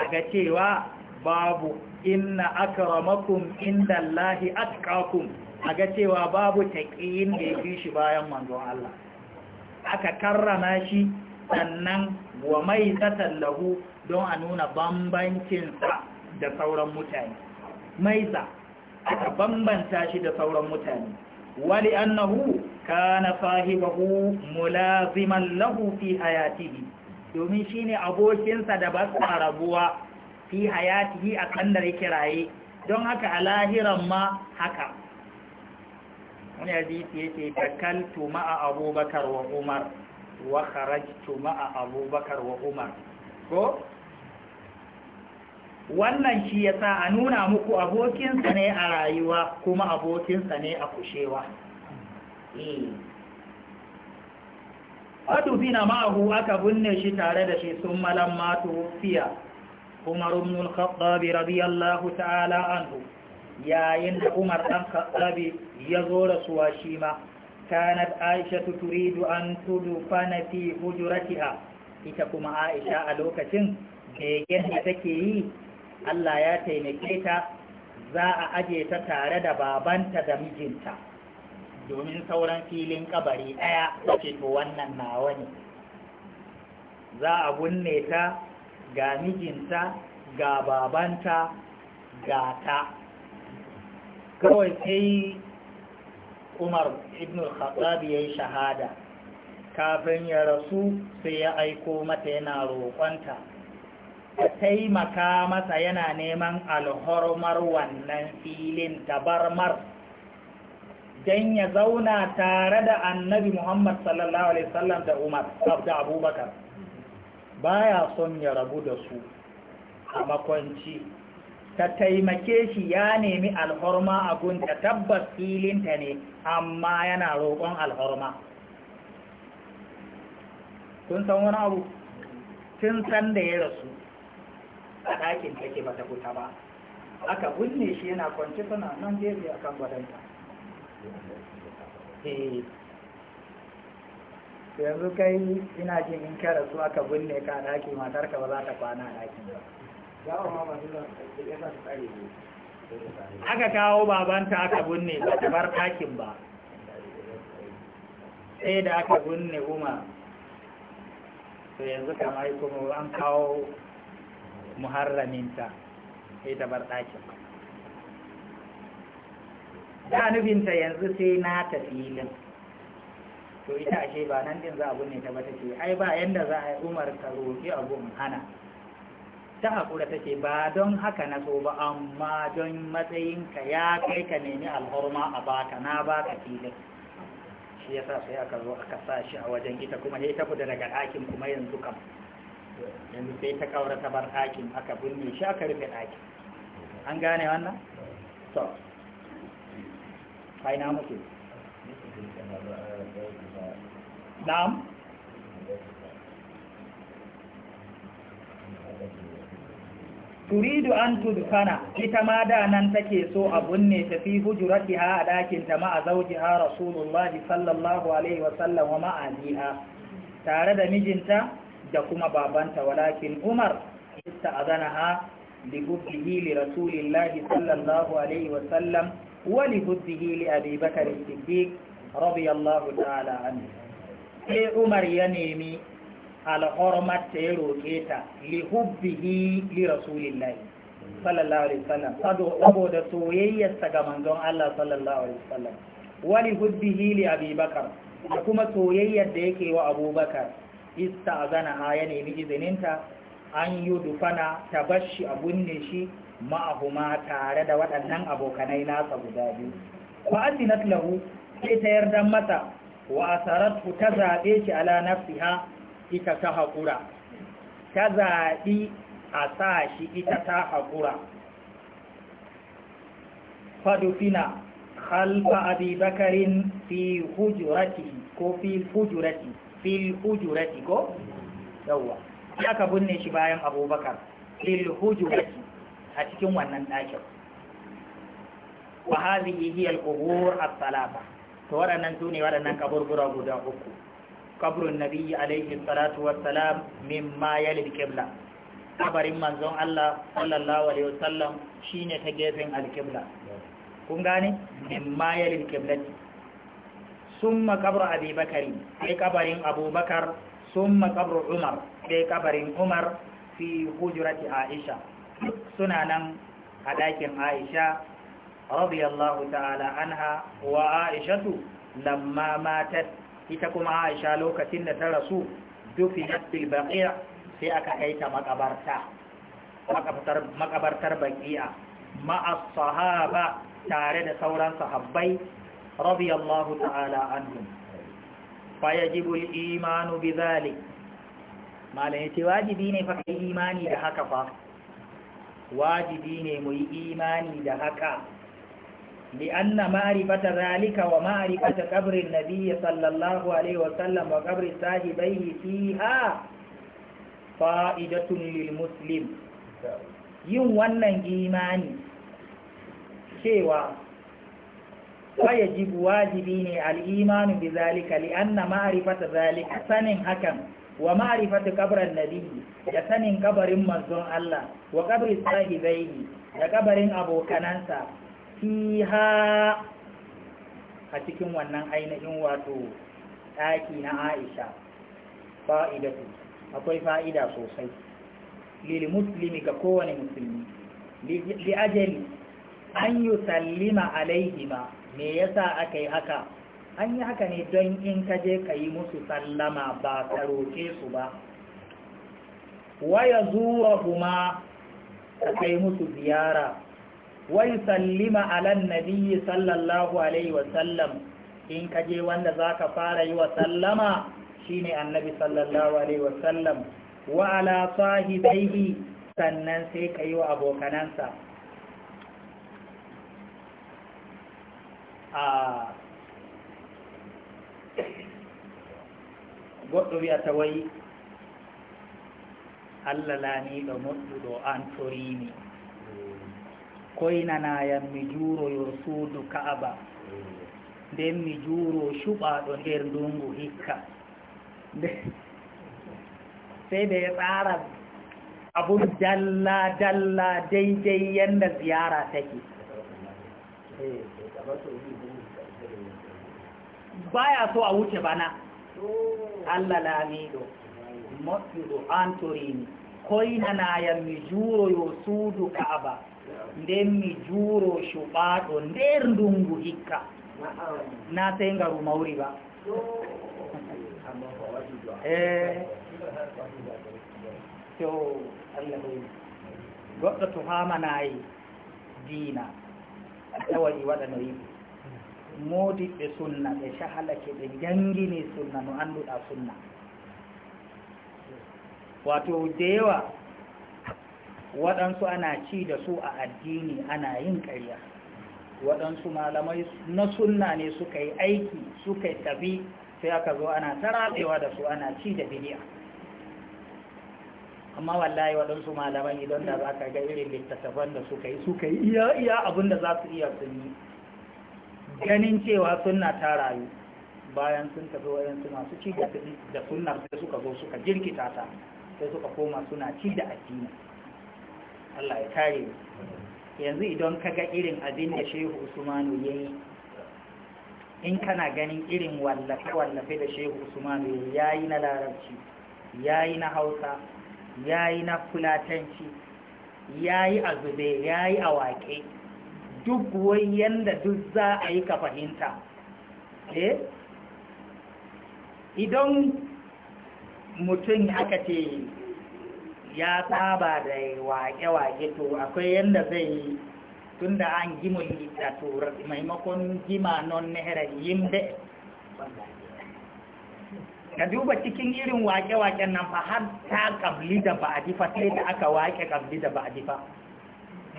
aga cewa babu inna akramakum indallahi atqakum a ga cewa babu taƙiyin da ya fi shi bayan manzon Allah aka karrama shi sannan wa mai lahu don a nuna bambancinsa da sauran mutane maisa aka bambanta shi da sauran mutane wali annahu kana sahibahu mulaziman lahu fi hayatihi domin shine abokinsa da ba su rabuwa fi hayatihi a kandar kiraye, don haka a lahiran ma haka wani hadisi yake takaltu ma'a abubakar wa umar wa kharajtu ma'a abubakar wa umar ko wannan shi yasa a nuna muku abokinsa ne a rayuwa kuma abokinsa ne a kushewa fadufina eh. ma'ahu aka binne shi tare da shi sun malam matu fiya umar ibn al-khattab radiyallahu ta'ala anhu yayin da umar dan khattabi ya zo da rasuwa shi ma kanat aisha turidu an tudu fana fi hujuratiha ita kuma aisha a lokacin begen da take yi allah ya taimake ta za a aje ta tare da babanta da mijinta domin sauran filin kabari ɗaya ce to wannan nawa ne za a gunne ta ga mijinta ga babanta ga ta kawai sai umar ibn al-khattab ya yi shahada kafin ya rasu sai ya aiko mata yana roƙonta ta taimaka masa yana neman alhormar wannan filin tabarmar don ya zauna tare da annabi muhammad sallallahu alaihi wasallam da umar Abdu abubakar baya son ya rabu da su a makwanci ta taimake shi ya nemi alhorma a gunta tabbas filinta ne amma yana roƙon alhorma kun san wani abu tun san da ya rasu a ɗakin take ba ta kuta ba aka gunne shi yana kwanci suna nan jeji a kan gwadanta eh. yanzu kai ina jin in ka rasu aka gunne ka ɗaki matarka ba za ta kwana a ɗakin ba aka kawo babanta aka binne ba ta bar ɗakin ba sai da aka binne umar to yanzu kamar kuma an kawo muharraminta sai ta bar ɗakin ba ta nufinta yanzu sai na tafilin to ita ashe ba nan din za a binne ta ba ta ce ai ba yanda za a yi umar ka roƙi abu hana ta haƙura take ba don haka na so ba amma don matsayinka ya kai ka nemi alhorma a baka na baka filin shi ya sa sai aka zo aka sa shi a wajen ita kuma ne ta kudu daga ɗakin kuma yanzu kam yanzu sai ta ƙaura ta bar ɗakin aka binne shi aka rufe ɗakin an gane wannan? to na muke na'am turidu an tudfana ita ma da nan take so a bunne ta fi hujurati ha a dakin ta ma'a ha rasulullahi sallallahu alaihi wa sallam wa ma'aliha tare da mijinta da kuma babanta walakin umar a ista'adanaha li hubbihi li rasulillahi sallallahu alaihi wa sallam wa li hubbihi li abi bakr as-siddiq radiyallahu ta'ala anhu sai umar ya nemi alhormat ta ya roƙe ta li hubbihi li rasulillahi sallallahu alaihi wasallam saboda soyayyarsa ga manzon Allah sallallahu alaihi wasallam wa li hubbihi li abi da kuma soyayyar da yake wa abubakar ista a ya nemi izininta an yi dufana ta bashi a bunne shi ma'ahuma tare da waɗannan abokanai nasa guda biyu wa azinat lahu sai ta yarda masa wa ku ta zaɓe shi ala nafsiha ita ta haƙura ta zaɓi a sa shi ita ta haƙura fadufina halfa abubakarin fi hujurati ko fi hujurati fi hujurati ko yawwa aka binne shi bayan abubakar fi hujurati a cikin wannan ɗakin wa hazihi hiya al-qubur as-salaba to waɗannan sune waɗannan kaburbura guda uku kaburin nabi alaihi salatu wassalam mimma yalil kibla kabarin manzon Allah sallallahu alaihi wasallam shine ta gefen alqibla kun gane mimma yalil qiblati summa qabru abi bakari sai kabarin abubakar summa qabru umar sai kabarin umar fi hujurati aisha suna nan a ɗakin aisha radiyallahu ta'ala anha wa aishatu lamma matat ita kuma aisha lokacin da ta rasu dufinat fil baqiya sai aka kaita ta makabarta makabartar makabartar baqiya ma'a sahaba tare da sauran sahabbai radiyallahu ta'ala anhum fa yajibu al-iman bi dhalik ce wajibi ne fa kai imani da haka fa wajibi ne mu yi imani da haka لأن معرفة ذلك ومعرفة قبر النبي صلى الله عليه وسلم وقبر صاحبيه فيها فائدة للمسلم yin wannan imani cewa wayajibu wajibi ne al'imanu bi zalika li'anna ma'rifata zalika sanin hakan wa ma'arifata qabran nabiyyi da sanin kabarin manzon Allah wa qabri sahibaihi da kabarin abokanansa fiha a cikin wannan ainihin wato ɗaki na aisha fa'idatu akwai fa'ida sosai lil Musulmi ga kowane musulmi li ajali an yi sallima alaihima me yasa aka yi haka an yi haka ne don in ka je ka yi musu sallama ba ka roke su ba waya zuwa kuma ka kai musu ziyara wai sallima alan nabiyyi sallallahu alaihi wa sallam, in ka je wanda za ka fara yi wa sallama shine annabi sallallahu alaihi wasallam wa ala sahibaihi sannan sai ka yi wa abokanansa goɗo biya ta wai allah lani da mutu do an turi ne Koina yan mi juro yo suudu ka'aba nden mi juuro shuɓa ɗo nder ndungu hikka sai da ya tsara abun dalla dalla daidai yadda ziyara take baya so a wuce bana Allah lamido moɗɗuɗo antorini na yan mi juro yo suudu ka'aba nden mi juuro cuɓaaɗo nder ndungu hikka na tenga ngaru mawri ba to allah hama goɗɗo to tawa diina wada no waɗano modi be sunna shahala ke ɓe jangini sunna no annduɗa sunna wato dewa waɗansu ana ci da su a addini ana yin ƙarya waɗansu malamai na sunna ne suka yi aiki suka yi tabi sai aka zo ana tarabewa da su ana ci da bidiya amma wallahi waɗansu malamai idan da za ka ga irin littattafan da suka yi suka yi iya iya abin da za su iya sun yi ganin cewa sunna ta rayu bayan sun tafi waɗansu masu ci da sunna sai suka zo suka jirkita ta sai suka koma suna ci da addini Allah ya kare yanzu idan kaga irin abin da shehu usmanu ya in kana ganin irin wallafe-wallafe da shehu usmanu ya yi na larabci yayi na hausa yayi na fulatanci yayi yi a zube ya a waƙe duk wai yanda duk za a yi ka fahimta eh idan mutum aka ce ya saba da waƙe-waƙe to akwai yadda zai yi tun da an gimo da tura maimakon gima non nehera yin da ka duba cikin irin waƙe-waƙen nan fa har ta ƙabli da ba a jifa sai da aka waƙe ƙabli da ba a jifa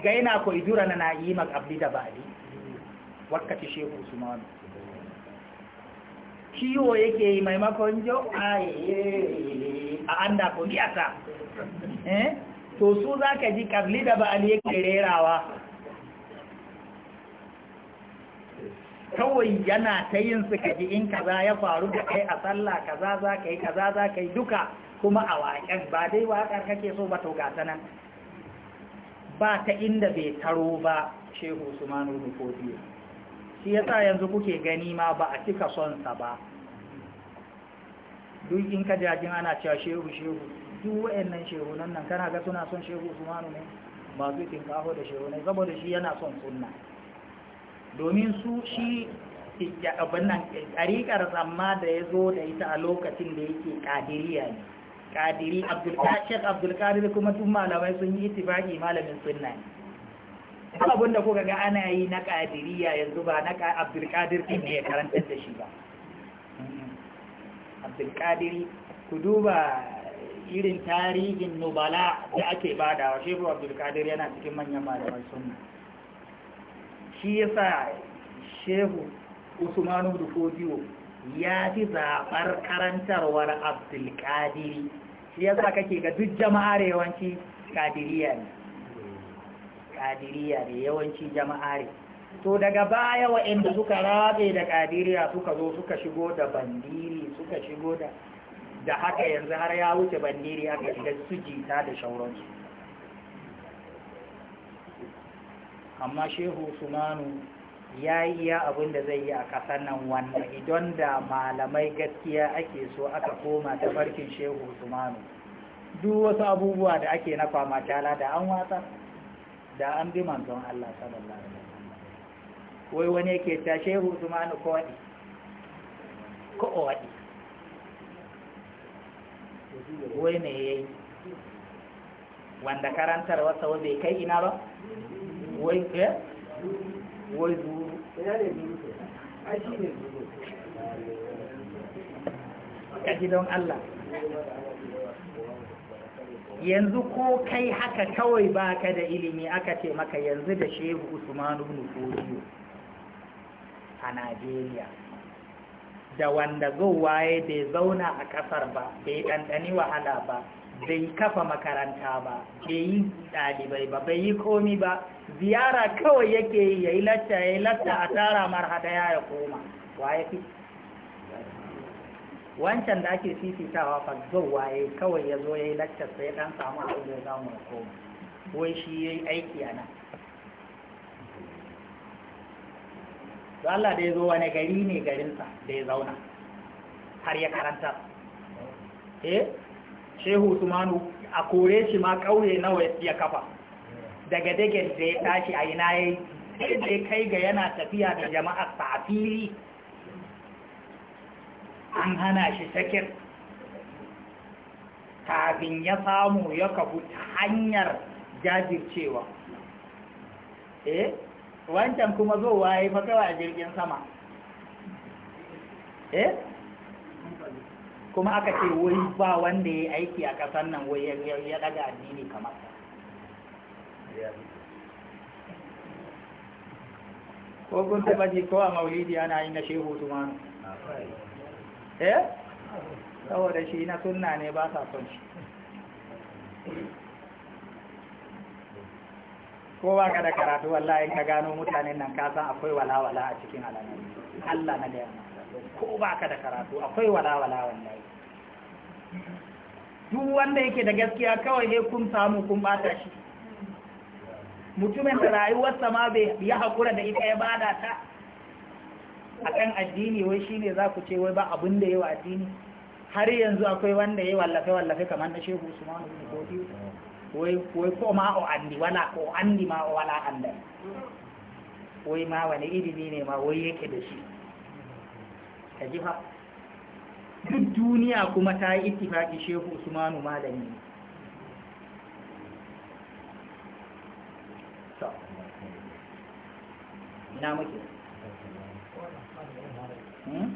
gaina ko idura na na yi ma da ba a di wakati shehu usmanu ciwo yake yi maimakon jo a an da kuliyata eh to su za ka ji karli da ba'ali yake rerawa kawai yana ta yin su ka ji in kaza ya faru da kai a sallah kaza za ka yi kaza za ka yi duka kuma a waƙen ba dai waƙar kake so ba to gasa nan ba ta inda bai taro ba shehu su manu da shi yasa yanzu kuke gani ma ba a cika sonsa ba duk in ka jajin ana cewa shehu shehu duk wa'annan shehu nan kana ga suna son shehu usmanu ne masu tinkaho da ne? saboda shi yana son sunna domin su shi abin nan ƙariƙar zamma da ya zo da ita a lokacin da yake ƙadiriya ne ƙadiri abdulkadir kuma tun malamai sun yi itifaki malamin sunna ne abin da kuka ga ana yi na ƙadiriya yanzu ba na abdulkadir ɗin ne ya karantar da shi ba abdulkadiri ku duba irin tarihin nubala da ake badawa shehu abdulkadir yana cikin manyan malamai, sunna shi ya sa shehu usmanu dukodiyo ya fi zaɓar karantarwar abdulkadiri shi ya sa kake ga duk jama'ar yawanci kadiriya ne ƙadiriya ne yawanci jama'a ne to daga baya waɗanda suka rabe da ƙadiriya suka zo suka shigo da bandiri suka shigo da da haka yanzu har ya wuce bandiri aka shiga su jita da shauransu amma shehu sumanu ya yi iya abin da zai yi a ƙasar nan wanda idan da malamai gaskiya ake so aka koma ta farkin shehu sumanu duk wasu abubuwa da ake na kwamata da an watsa da an bi manzon Allah sallallahu alaihi wasallam wai wani yake ta shehu Usman ko wadi ko wadi wai ne wanda karantar wasa wabe kai ina ba wai ke eh? wai zuru ina ne zuru ai shi ne zuru ka gidan Allah yanzu ko kai haka kawai baka da ilimi aka ce maka yanzu da shehu usman ibn fodiyo a najeriya da wanda waye bai zauna a kasar ba bai ɗanɗani wahala ba bai kafa makaranta ba bai yi ɗalibai ba bai yi komi ba ziyara kawai yake yi ya yi latta ya yi latta a tara marhada ya koma waye wancan da ake fifitawa fa zowa ya kawai ya zo ya yi lakcar sai dan samu abin da za mu koma wai shi ya yi aiki a nan to Allah da ya zo wani gari ne garinsa da ya zauna har ya karanta eh shehu Usmanu a kore shi ma kauye nawa ya kafa daga dagen da ya tashi a ina yayi sai kai ga yana tafiya da jama'a a fili an hana shi sakin kafin ya samu ya kafu ta hanyar jajircewa eh wancan kuma zo ya fa kawai a jirgin sama eh kuma aka ce wai ba wanda ya aiki a kasar nan wai ya daga addini kamar ko kun taba ji ko a maulidi ana yin na shehu tumanu eh saboda shi na sunna ne ba sa son shi ko ba ka da karatu wallahi ka gano mutanen nan ka san akwai walawala a cikin alamun Allah na gaya ko ba ka da karatu akwai walawala wallahi duk wanda yake da gaskiya kawai ne kun samu kun bata shi mutumin da rayuwarsa ma bai ya haƙura da ita ya bada ta akan addini wai shine za ku ce wai ba abin da yawa addini har yanzu akwai wanda ya wallafe wallafe kamar na shehu su ma wani wai wai ko ma o andi wala ko andi ma o wala anda wai ma wani ilimi ne ma wai yake da shi ka ji fa duk duniya kuma ta yi ittifaki shehu usmanu malami ina muke na'am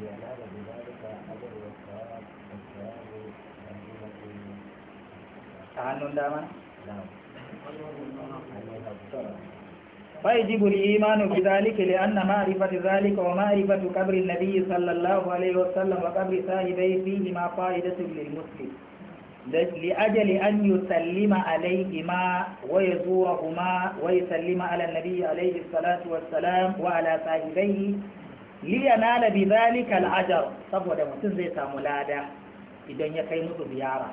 ينال بذلك أجر والثواب والثواب عن دائما نعم فيجب الإيمان بذلك لأن معرفة ذلك ومعرفة قبر النبي صلى الله عليه وسلم وقبر صاحبيه فيهما فائدة للمسلم لأجل أن يسلم عليهما ويزورهما ويسلم على النبي عليه الصلاة والسلام وعلى صاحبيه liyanala bi zalika al'ajar saboda mutum zai samu lada idan ya kai musu ziyara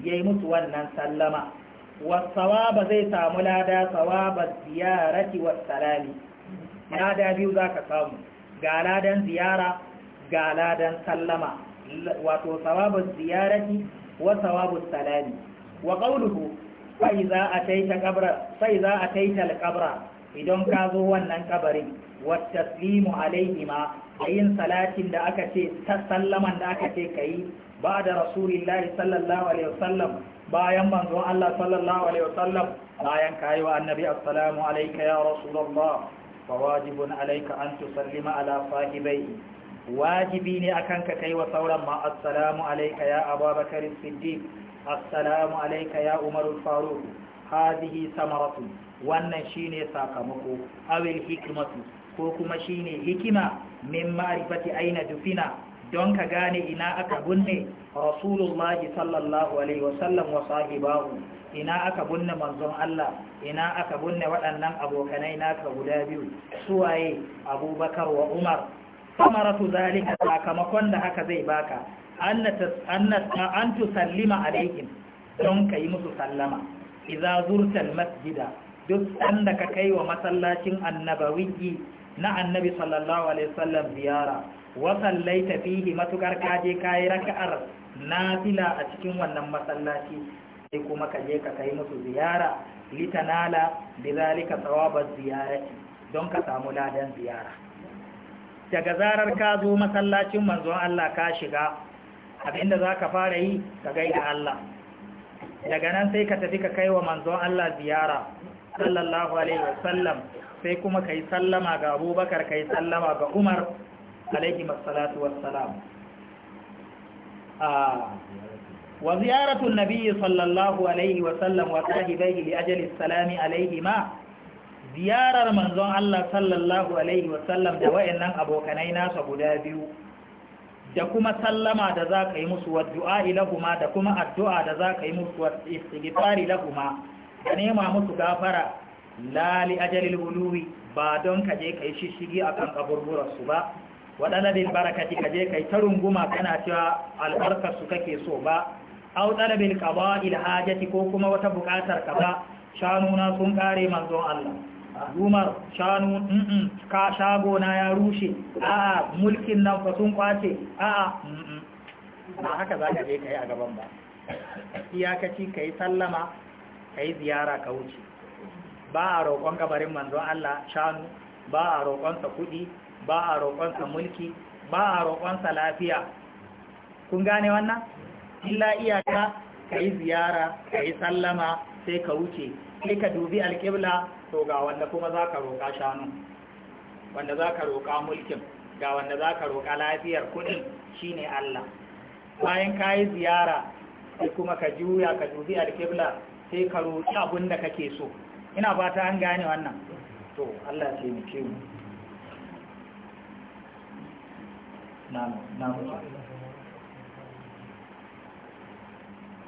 yayi musu wannan sallama wasawaba zai samu lada sawaba ziyarati wassalami lada biyu za samu ga ladan ziyara ga ladan sallama wato sawaba ziyarati wa sawabu wa qawluhu fa iza idan ka zo wannan kabarin wa taslimu alaihima yin salatin da aka ce ta sallaman da aka ce yi? ba da rasulillahi sallallahu alaihi wasallam bayan manzo Allah sallallahu alaihi wasallam bayan kayi wa annabi assalamu alayka ya rasulullah fa wajibun alayka an tusallima ala sahibai wajibi ne akan ka kai wa sauran ma assalamu alayka ya abubakar siddiq assalamu alayka ya umar faruq hadhihi samaratu wannan shine sakamako awil hikmatu ko kuma shine hikima min ma'rifati aina dufina don ka gane ina aka binne rasulullah sallallahu alaihi wasallam wa sahibahu ina aka binne manzon Allah ina aka binne waɗannan abokanai naka guda biyu suwaye abubakar wa umar samaratu zalika sakamakon da haka zai baka an tusallima alaihim don ka yi musu sallama iza zurtal masjida duk sanda ka kai wa masallacin annabawi na annabi sallallahu alaihi wasallam ziyara Wasan sallaita fihi matukar kaje kayi kai raka'ar nafila a cikin wannan masallaci sai kuma kaje ka kai musu ziyara litanala bizalika thawabaz ziyarati don ka samu ladan ziyara daga zarar ka zo masallacin manzon Allah ka shiga abinda zaka fara yi ka gaida Allah daga nan sai ka tafi ka kai wa manzon Allah ziyara sallallahu alaihi wasallam sai kuma kai sallama ga Abubakar kai sallama ga Umar alaihi masalatu wassalam wa ziyaratul nabiyyi sallallahu alaihi wasallam wa sahibaihi li ajali salami alaihi ma ziyarar manzon Allah sallallahu alaihi wasallam da wayannan abokanai nasa guda biyu da kuma sallama da za ka yi musu wadda'a ilahuma da kuma addu'a da za ka yi musu istighfari lahuma da nema musu gafara lali ajalil huluwi ba don ka je ka yi shishigi akan kaburburarsu ba waɗanda bil barakati ka je kai ta runguma kana cewa albarkar su kake so ba aw talabil qada'il hajati ko kuma wata buƙatar ka ba shanu na sun kare manzon Allah Umar shanu ka shago na ya rushe a'a mulkin nan fa sun kwace a'a ba haka zaka je yi a gaban ba iyakaci yi sallama yi ziyara ka wuce ba a roƙon kabarin manzon Allah shanu ba a roƙonsa kuɗi ba a roƙonsa mulki ba a roƙonsa lafiya kun gane wannan illa iyaka ka yi ziyara ka yi sallama sai ka wuce sai ka dubi alƙibla to ga wanda kuma za ka roƙa shanu wanda za ka roƙa mulkin ga wanda za ka roƙa lafiyar kuɗin ne Allah bayan ka yi ziyara sai kuma ka juya ka dubi alƙibla sai ka roƙi abin da kake so ina fata an gane wannan to Allah ce mu ce mu na mutane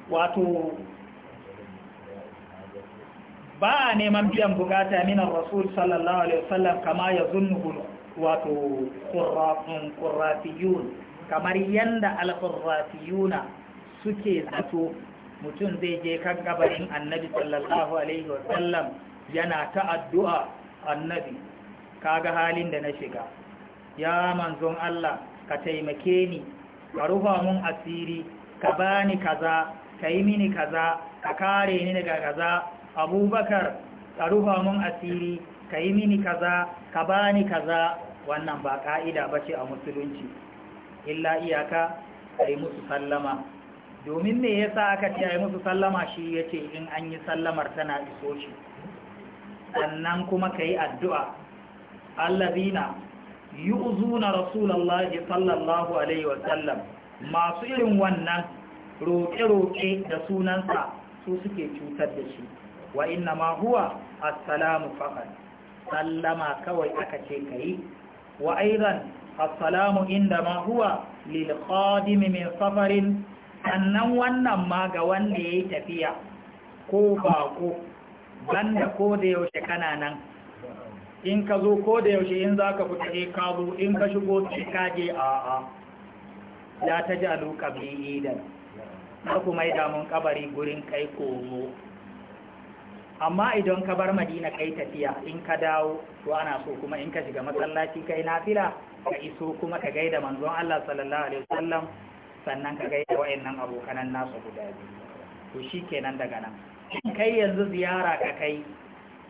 wato ba a neman biyan bukata minan rasul sallallahu alaihi wasallam kama ya zunnuhu wato ƙurrafiyun kamar yanda alƙurrafiyuna suke zato mutum zai je kan gabarin annabi sallallahu alaihi wasallam yana ta addu'a annabi kaga halin da na shiga ya manzon Allah ka taimake ni ka rufa mun asiri ka bani kaza ka yi mini kaza ka kare ni daga kaza abubakar ka rufa mun asiri ka yi mini kaza ka bani kaza wannan ba ka'ida ba ce a musulunci illa iyaka a yi musu sallama domin me yasa aka ce a yi musu sallama shi ya ce in an yi sallamar tana iso shi sannan kuma ka yi addu'a allazina yu'zuna rasulallah sallallahu alaihi wasallam masu irin wannan roƙe-roƙe da sunansa su suke cutar da shi wa inna ma huwa assalamu faqat sallama kawai aka ce kai wa aidan assalamu inda ma huwa lil qadimi min safarin annan wannan ma ga wanda yayi tafiya ko bako banda ko da yaushe kana nan in ka zo ko da yaushe in za ka fita sai eh, ka zo in ka shigo ki ka a a ya ta ji alu kabli idan har kuma yi damun kabari gurin kai komo amma idan ka bar madina kai tafiya in ka dawo to ana so kuma in ka shiga masallaci kai fila? ka iso kuma ka gaida manzon Allah sallallahu alaihi wasallam sannan ka gaida wayannan abokanan nasu guda biyu to shikenan daga nan kai yanzu ziyara ka kai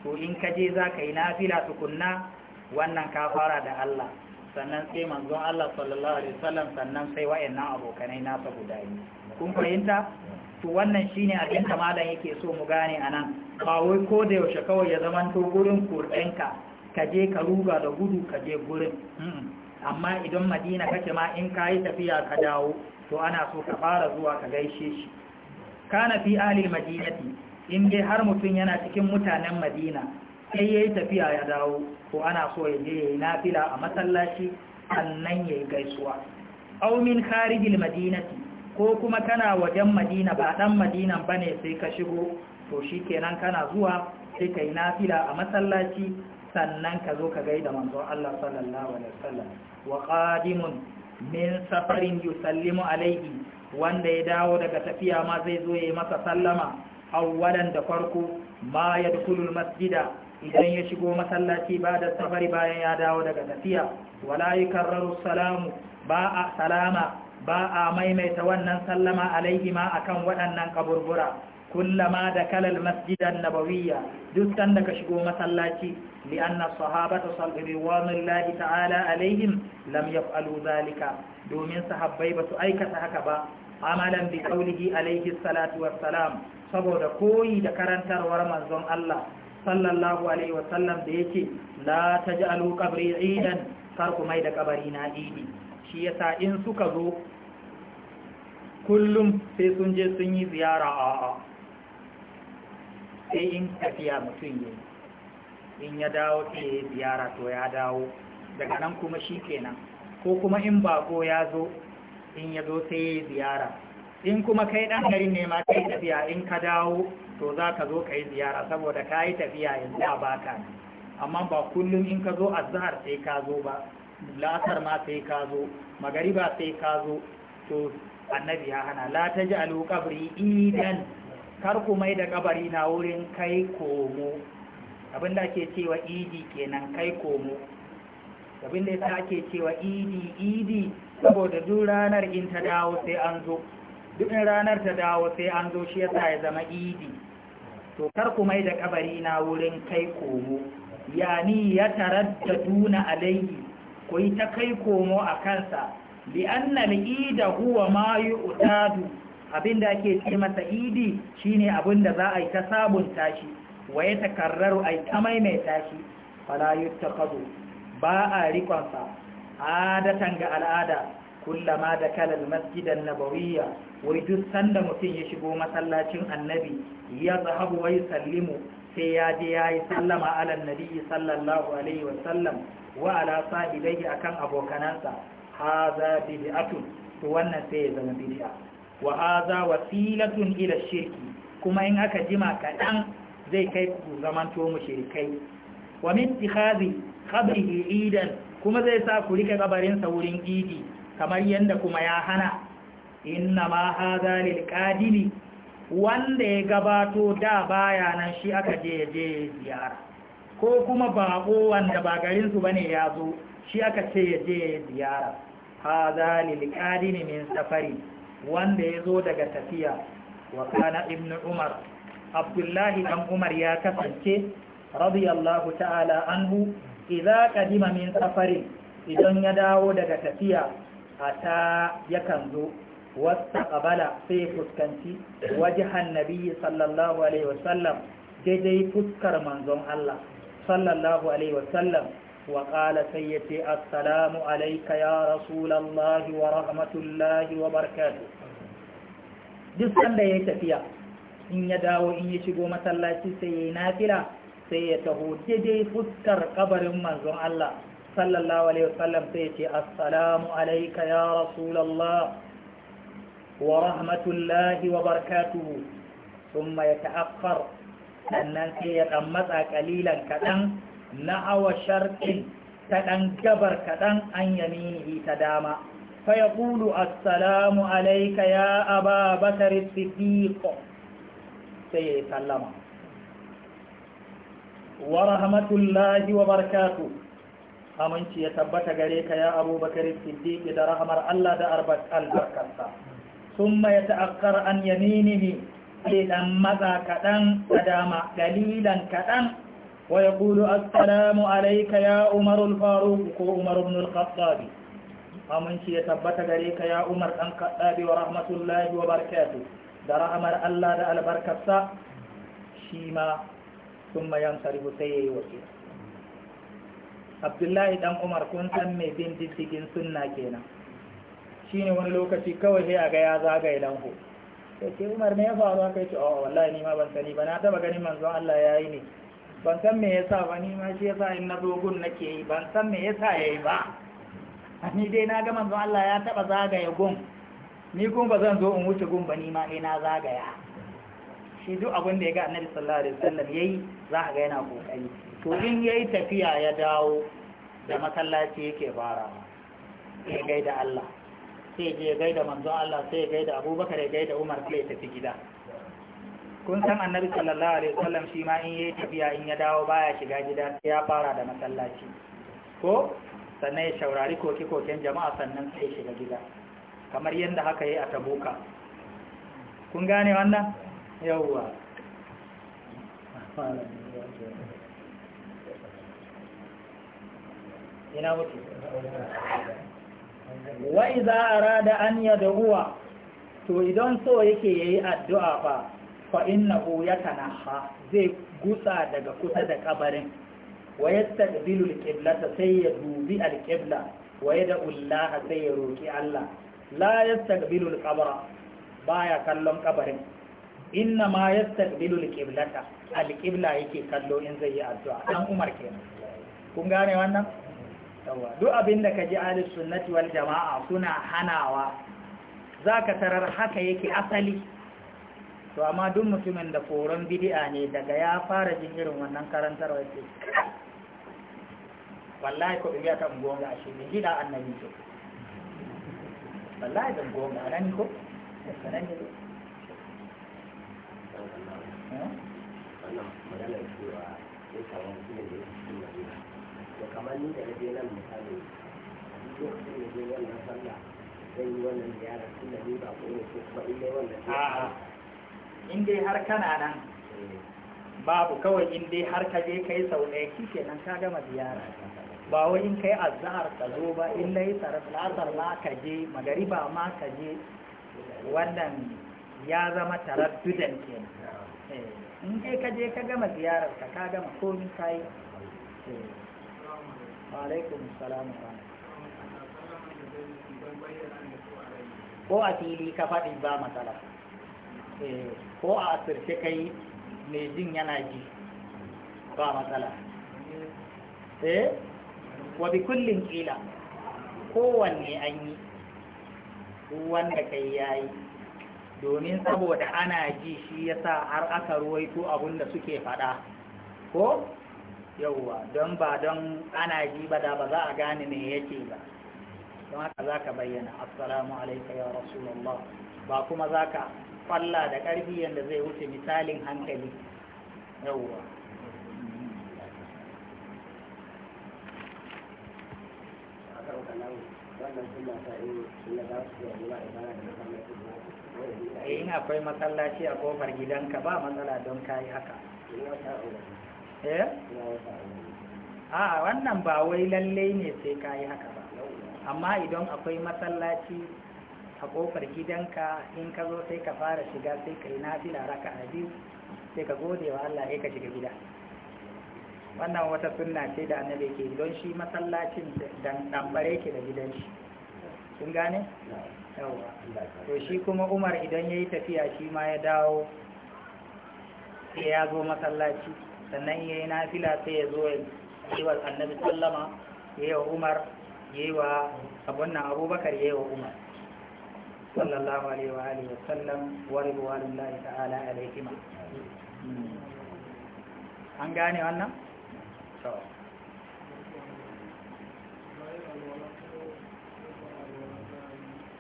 to in ka je za ka yi nafila tukunna wannan ka fara da Allah sannan sai manzon Allah sallallahu alaihi wasallam sannan sai wayannan abokanai nasa guda yi. kun fahimta to wannan shine abin da malam yake so mu gane anan ba wai ko da yaushe kawai ya zaman to gurin kurɗinka ka je ka ruga da gudu ka je gurin amma idan madina kake ma in kayi tafiya ka dawo to ana so ka fara zuwa ka gaishe shi kana fi ahli madinati in dai har mutum yana cikin mutanen madina sai ya yi tafiya ya dawo ko ana so ya je ya yi nafila a masallaci sannan ya yi gaisuwa aumin kharijil madinati ko kuma kana wajen madina ba dan madinan ba ne sai ka shigo to shi kenan kana zuwa sai ka yi nafila a masallaci sannan ka zo ka gaida manzo Allah sallallahu alaihi wasallam wa qadimun min safarin yusallimu alaihi wanda ya dawo daga tafiya ma zai zo ya yi masa sallama awwalan da farko ma ya dukulul masjida idan ya shigo masallaci ba da safari bayan ya dawo daga tafiya wala Rarusalamu salamu ba a salama ba a maimaita wannan sallama alaihi ma akan waɗannan kaburbura kullama da kalal masjidan nabawiyya duk sanda ka shigo masallaci li'anna sahabata sallallahu alaihi ta'ala alaihim lam yaf'alu zalika domin sahabbai ba su aikata haka ba amalan bi qawlihi alaihi salatu wassalam saboda koyi da karantarwar manzon Allah sallallahu alaihi wasallam da yake la taj'alu qabri idan kar ku mai da kabari na idi shi yasa in suka zo kullum sai sun je sun yi ziyara a sai in tafiya mutum yayi in ya dawo sai ya ziyara to ya dawo daga nan kuma shi kenan ko kuma in bako ya zo in ya zo sai ya ziyara in kuma kai ɗan garin ne ma kai tafiya in ka dawo to za ka zo ka yi ziyara saboda ka yi tafiya yanzu a baka ne amma ba kullum in ka zo azhar sai ka zo ba latar ma sai ka zo magariba sai ka zo to annabi ya hana la ta ji alu kabri idan kar ku mai da kabari na wurin kai komo abinda ake cewa idi kenan kai komo abinda ya ake cewa idi idi saboda duk ranar in ta dawo sai an zo duk ranar ta dawo sai an zo shi yasa ya zama idi to kar ku mai da kabari na wurin kai komo yani ya duna alayhi ku yi ta kai komo a kansa bi anna al-ida huwa ma yu'tadu abinda ake ce masa idi shine abinda za a yi ta sabunta shi wa ya takarraru ai ta maimaita shi fala yuttaqadu ba a rikon adatan ga al'ada kullama da kalar masjidan nabawiyya wai duk sanda mutum ya shigo masallacin annabi ya zahabu wai sallimu sai ya je ya yi sallama alan nabiyyi sallallahu alaihi wasallam wa ala a kan abokanansa haza bid'atun to wannan sai ya zama bid'a wa haza wasilatun ila shirki kuma in aka jima kaɗan zai kai ku zamanto mushrikai wa min ittikhadhi qabrihi idan kuma zai sa ku rike kabarin sa wurin idi kamar yadda kuma ya hana inna ma haza lil qadili wanda ya gabato da baya nan shi aka je je ziyara ko kuma bako wanda ba garinsu bane ya zo shi aka ce ya je ziyara haza lil qadili min safari wanda ya zo daga tafiya wa kana ibnu umar abdullahi dan umar ya kasance radiyallahu ta'ala anhu idza qadima min safari idan ya dawo daga tafiya ata yakan zo wasta ƙabala sai fuskanci wajihan nabi sallallahu alaihi wasallam daidai fuskar manzon Allah sallallahu alaihi wasallam wa ƙala sai ya ce assalamu alaika ya rasulallahi wa rahmatullahi wa barkatu. duk sanda ya yi tafiya in ya dawo in ya shigo masallaci sai ya yi nafila sai ya taho daidai fuskar kabarin manzon Allah sallallahu alaihi wasallam sai ce assalamu alaika ya rasulallah wa rahmatullahi wa barakatuhu thumma yata'akhkhar sannan sai ya dan matsa kalilan kadan na awa sharqin ta dan gabar kadan an yaminihi ta dama fa yaqulu assalamu alaika ya aba bakar siddiq sai ya sallama wa rahmatullahi wa barakatuhu aminci ya tabbata gare ka ya abubakar siddiq da rahamar Allah da albarkarsa summa ya ta'akkar an yaminihi sai dan maza kaɗan da dama dalilan kaɗan wa ya kulu assalamu alaika ya umar al-faruq ko umar ibn al-khattabi aminci ya tabbata gare ka ya umar dan khattabi wa rahmatullahi wa barakatuh da rahamar Allah da albarkarsa shi ma summa yansarihu sai yayi wasiya abdullahi dan umar kun san mai bin diddigin sunna kenan shine wani lokaci kawai sai a ga ya zagaye lanho sai ce umar ne ya faru aka ce oh wallahi ni ma ban sani ba na taba ganin manzon Allah ya yi ne ban san me yasa ba ni ma shi yasa in na dogon nake yi ban san me yasa yayi ba ni dai na ga manzon Allah ya taba zagaye gun ni kun ba zan zo in wuce gun ba ni ma ina zagaya shi duk abin da ya ga annabi sallallahu alaihi wasallam yayi za ka ga yana kokari to in yi tafiya ya dawo da masallaci yake fara ya gai da Allah sai ya gai da manzon Allah sai ya gai da Abubakar ya gai da Umar sai ya tafi gida kun san annabi sallallahu alaihi wasallam shi ma in yayi tafiya in ya dawo baya shiga gida sai ya fara da masallaci ko sannan ya shaurari koke-koken jama'a sannan sai ya shiga gida kamar yadda haka yi a tabuka kun gane wannan yauwa ina mutu wa iza arada an yad'uwa to idan so yake yayi addu'a fa fa innahu yatanaha zai gutsa daga kusa da kabarin wa yastaqbilu al-qiblata sai ya dubi al-qibla wa yad'u Allah sai ya roki Allah la yastaqbilu al-qabra baya kallon kabarin inna ma yastaqbilu al-qiblata al-qibla yake kallo in zai yi addu'a dan Umar kenan kun gane wannan duk abin da ka ji ahli sunnati wal jama'a suna hanawa za ka tarar haka yake asali to amma duk mutumin da koron bidi'a ne daga ya fara jin irin wannan karantar wace wallahi ko biya ta gonga a shi ne gida annabi to wallahi da gonga nan ko sanan ne wallahi eh? magana cewa ya samu mutumin da da kamar ni da je nan misali lokacin da je wannan sallah zan yi wannan ziyara tun da ni ba ko ne ko kuma in dai wannan a'a in dai har kana nan eh. babu kawai in dai har ka je kai sau ɗaya kike nan ka gama ziyara ba wai in kai azhar ka zo ba in dai sarfasar ma ka je magariba ma ka je wannan ya zama taraddudan kenan eh. in dai ka je ka gama ziyarar ka ka gama komi yi. Eh. alaikum salamu ko a fili ka faɗi ba matsala eh, ko a asirce kai mai jin yana ji ba matsala eh wa bi kullin kila kowanne an yi wanda kai yayi domin saboda ana ji shi yasa har aka ruwaito abin da suke faɗa ko yauwa don ba don ana ji ba da ba za a gane me yake ba don haka za ka bayyana assalamu alaika ya rasulallah ba kuma za ka falla da ƙarfi yadda zai wuce misalin hankali yauwa eh, in akwai masallaci a kofar gidanka ba matsala don kayi haka eh a wannan ba wai lalle ne sai ka yi haka ba amma idan akwai masallaci a kofar gidanka in ka zo sai ka fara shiga sai ka yi nafila raka a biyu sai ka gode wa Allah ya ka shiga gida wannan wata sunna ce da annabi ke don shi masallacin dan dambare ke da gidan shi gane to shi kuma Umar idan ya yi tafiya shi ma ya dawo sai ya zo masallaci sannan ya yi fila sai ya zo yi wa annabi sallama ya yi wa umar ya yi wa abunan abubakar ya yi wa umar sallallahu alaihi wa alihi sallam wa ridwanin lahi ta'ala ma. Hmm. an gane wannan?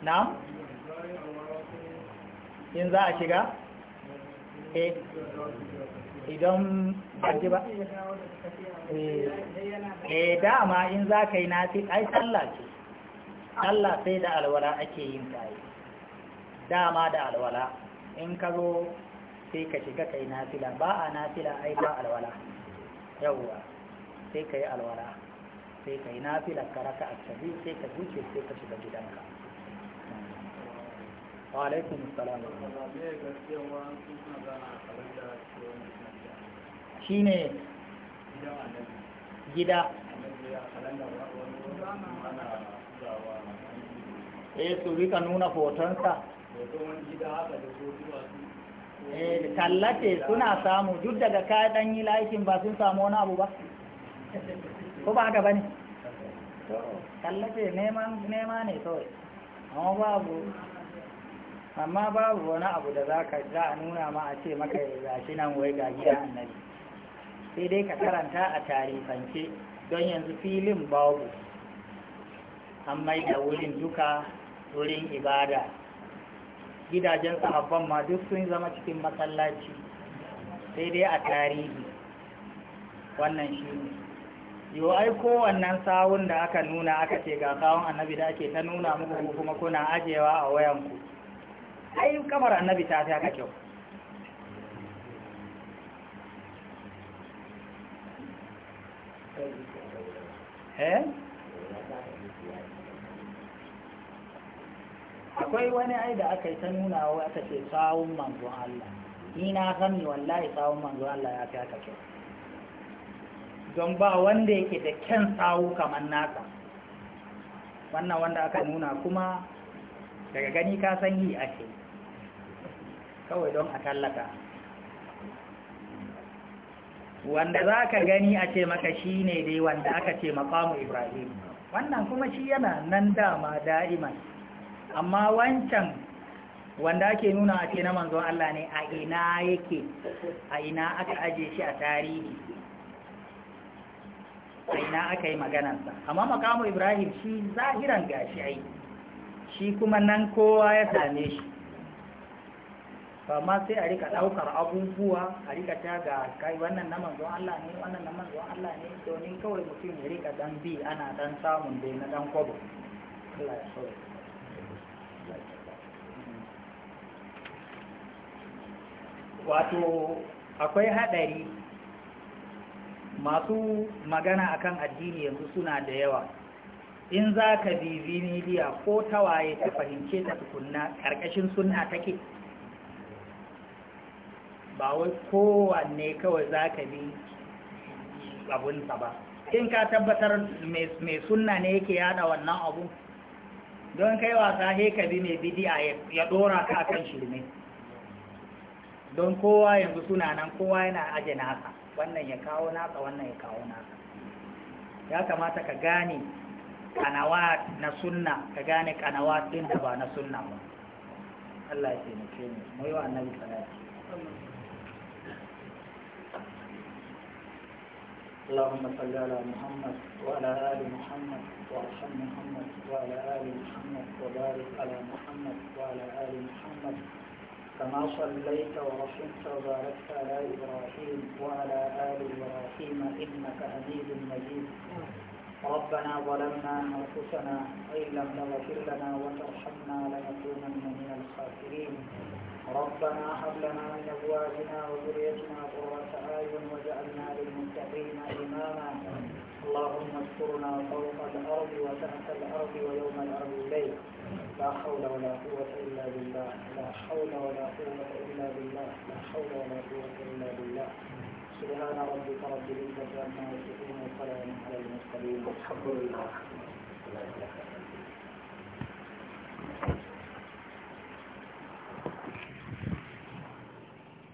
na? in za a shiga? eh idan aji ba eh dama in za ka yi nafi ai sallah ce sallah sai da alwala ake yin ta yi dama da alwala in ka zo sai ka shiga kai nafila ba a nafila ai ba alwala yawwa sai ka yi alwala sai ka yi nafila ka raka a tabi sai ka zuce sai ka shiga gidanka wa alaikun salam shine gida eh su rika nuna hotonsa eh tallace suna samu duk daga ka dan yi laikin ba sun samu wani abu ba ko ba haka ba ne tallace nema ne kawai amma babu amma babu wani abu da za a nuna ma a ce maka gashi nan wai ga gida annabi sai dai ka karanta a tarifance don yanzu filin babu an mai da wurin duka wurin ibada gidajen sahabban ma duk sun zama cikin masallaci sai dai a tarihi wannan shi ne yau aiko wannan sawun da aka nuna aka ce ga sawun annabi da ake ta nuna muku kuma kuna ajewa a wayanku ai kamar annabi ta fi haka kyau Eh? akwai wani ai da aka yi ta nuna wa aka ce tsawon manzo Allah ni na sani wallahi tsawon manzo Allah ya fi aka kyau don ba wanda yake da kyan tsawo kamar nasa wannan wanda aka nuna kuma daga gani ka san yi ake kawai don a tallata wanda za ka gani a ce maka shi ne dai wanda aka ce makamu ibrahim wannan kuma shi yana nan dama da'iman amma wancan wanda ake nuna a ce na manzon Allah ne a ina yake a ina aka aje shi a tarihi a ina aka yi maganarsa amma makamu ibrahim shi zahiran gashi ai shi kuma nan kowa ya same shi amma sai a rika ɗaukar abubuwa a rika ta ga kai wannan na manzo Allah ne wannan na manzo Allah ne domin kawai mutum ya rika dan bi ana dan samun dai na dan kwabo Allah ya so wato akwai hadari masu magana akan addini yanzu suna da yawa in za ka bibi miliya ko tawaye ta fahimce ta tukunna ƙarƙashin suna take ba wai kowanne kawai za ka bi abunsa ba in ka tabbatar mai sunna ne yake yada wannan abu don kai wasa he ka bi mai bidiya ya dora ka kan shirme don kowa yanzu suna nan kowa yana aje nasa wannan ya kawo nasa wannan ya kawo nasa ya kamata ka gane kanawa na sunna ka gane kanawa din da ba na sunna ba Allah ya taimake mu ne yi wa annabi salati اللهم صل على محمد وعلى آل محمد وارحم محمد وعلى آل محمد وبارك على محمد وعلى آل محمد كما صليت ورحمت وباركت على إبراهيم وعلى آل إبراهيم إنك حميد مجيد ربنا ظلمنا أنفسنا وإن لم تغفر لنا وترحمنا لنكونن من الخاسرين ربنا هب لنا من ازواجنا وذريتنا قرة اعين وجعلنا للمتقين اماما اللهم اذكرنا فوق الارض وتحت الارض ويوم الارض اليك لا حول ولا قوة الا بالله لا حول ولا قوة الا بالله لا حول ولا قوة الا بالله سبحان ربك رب العزة عما يصفون وسلام على المرسلين الحمد لله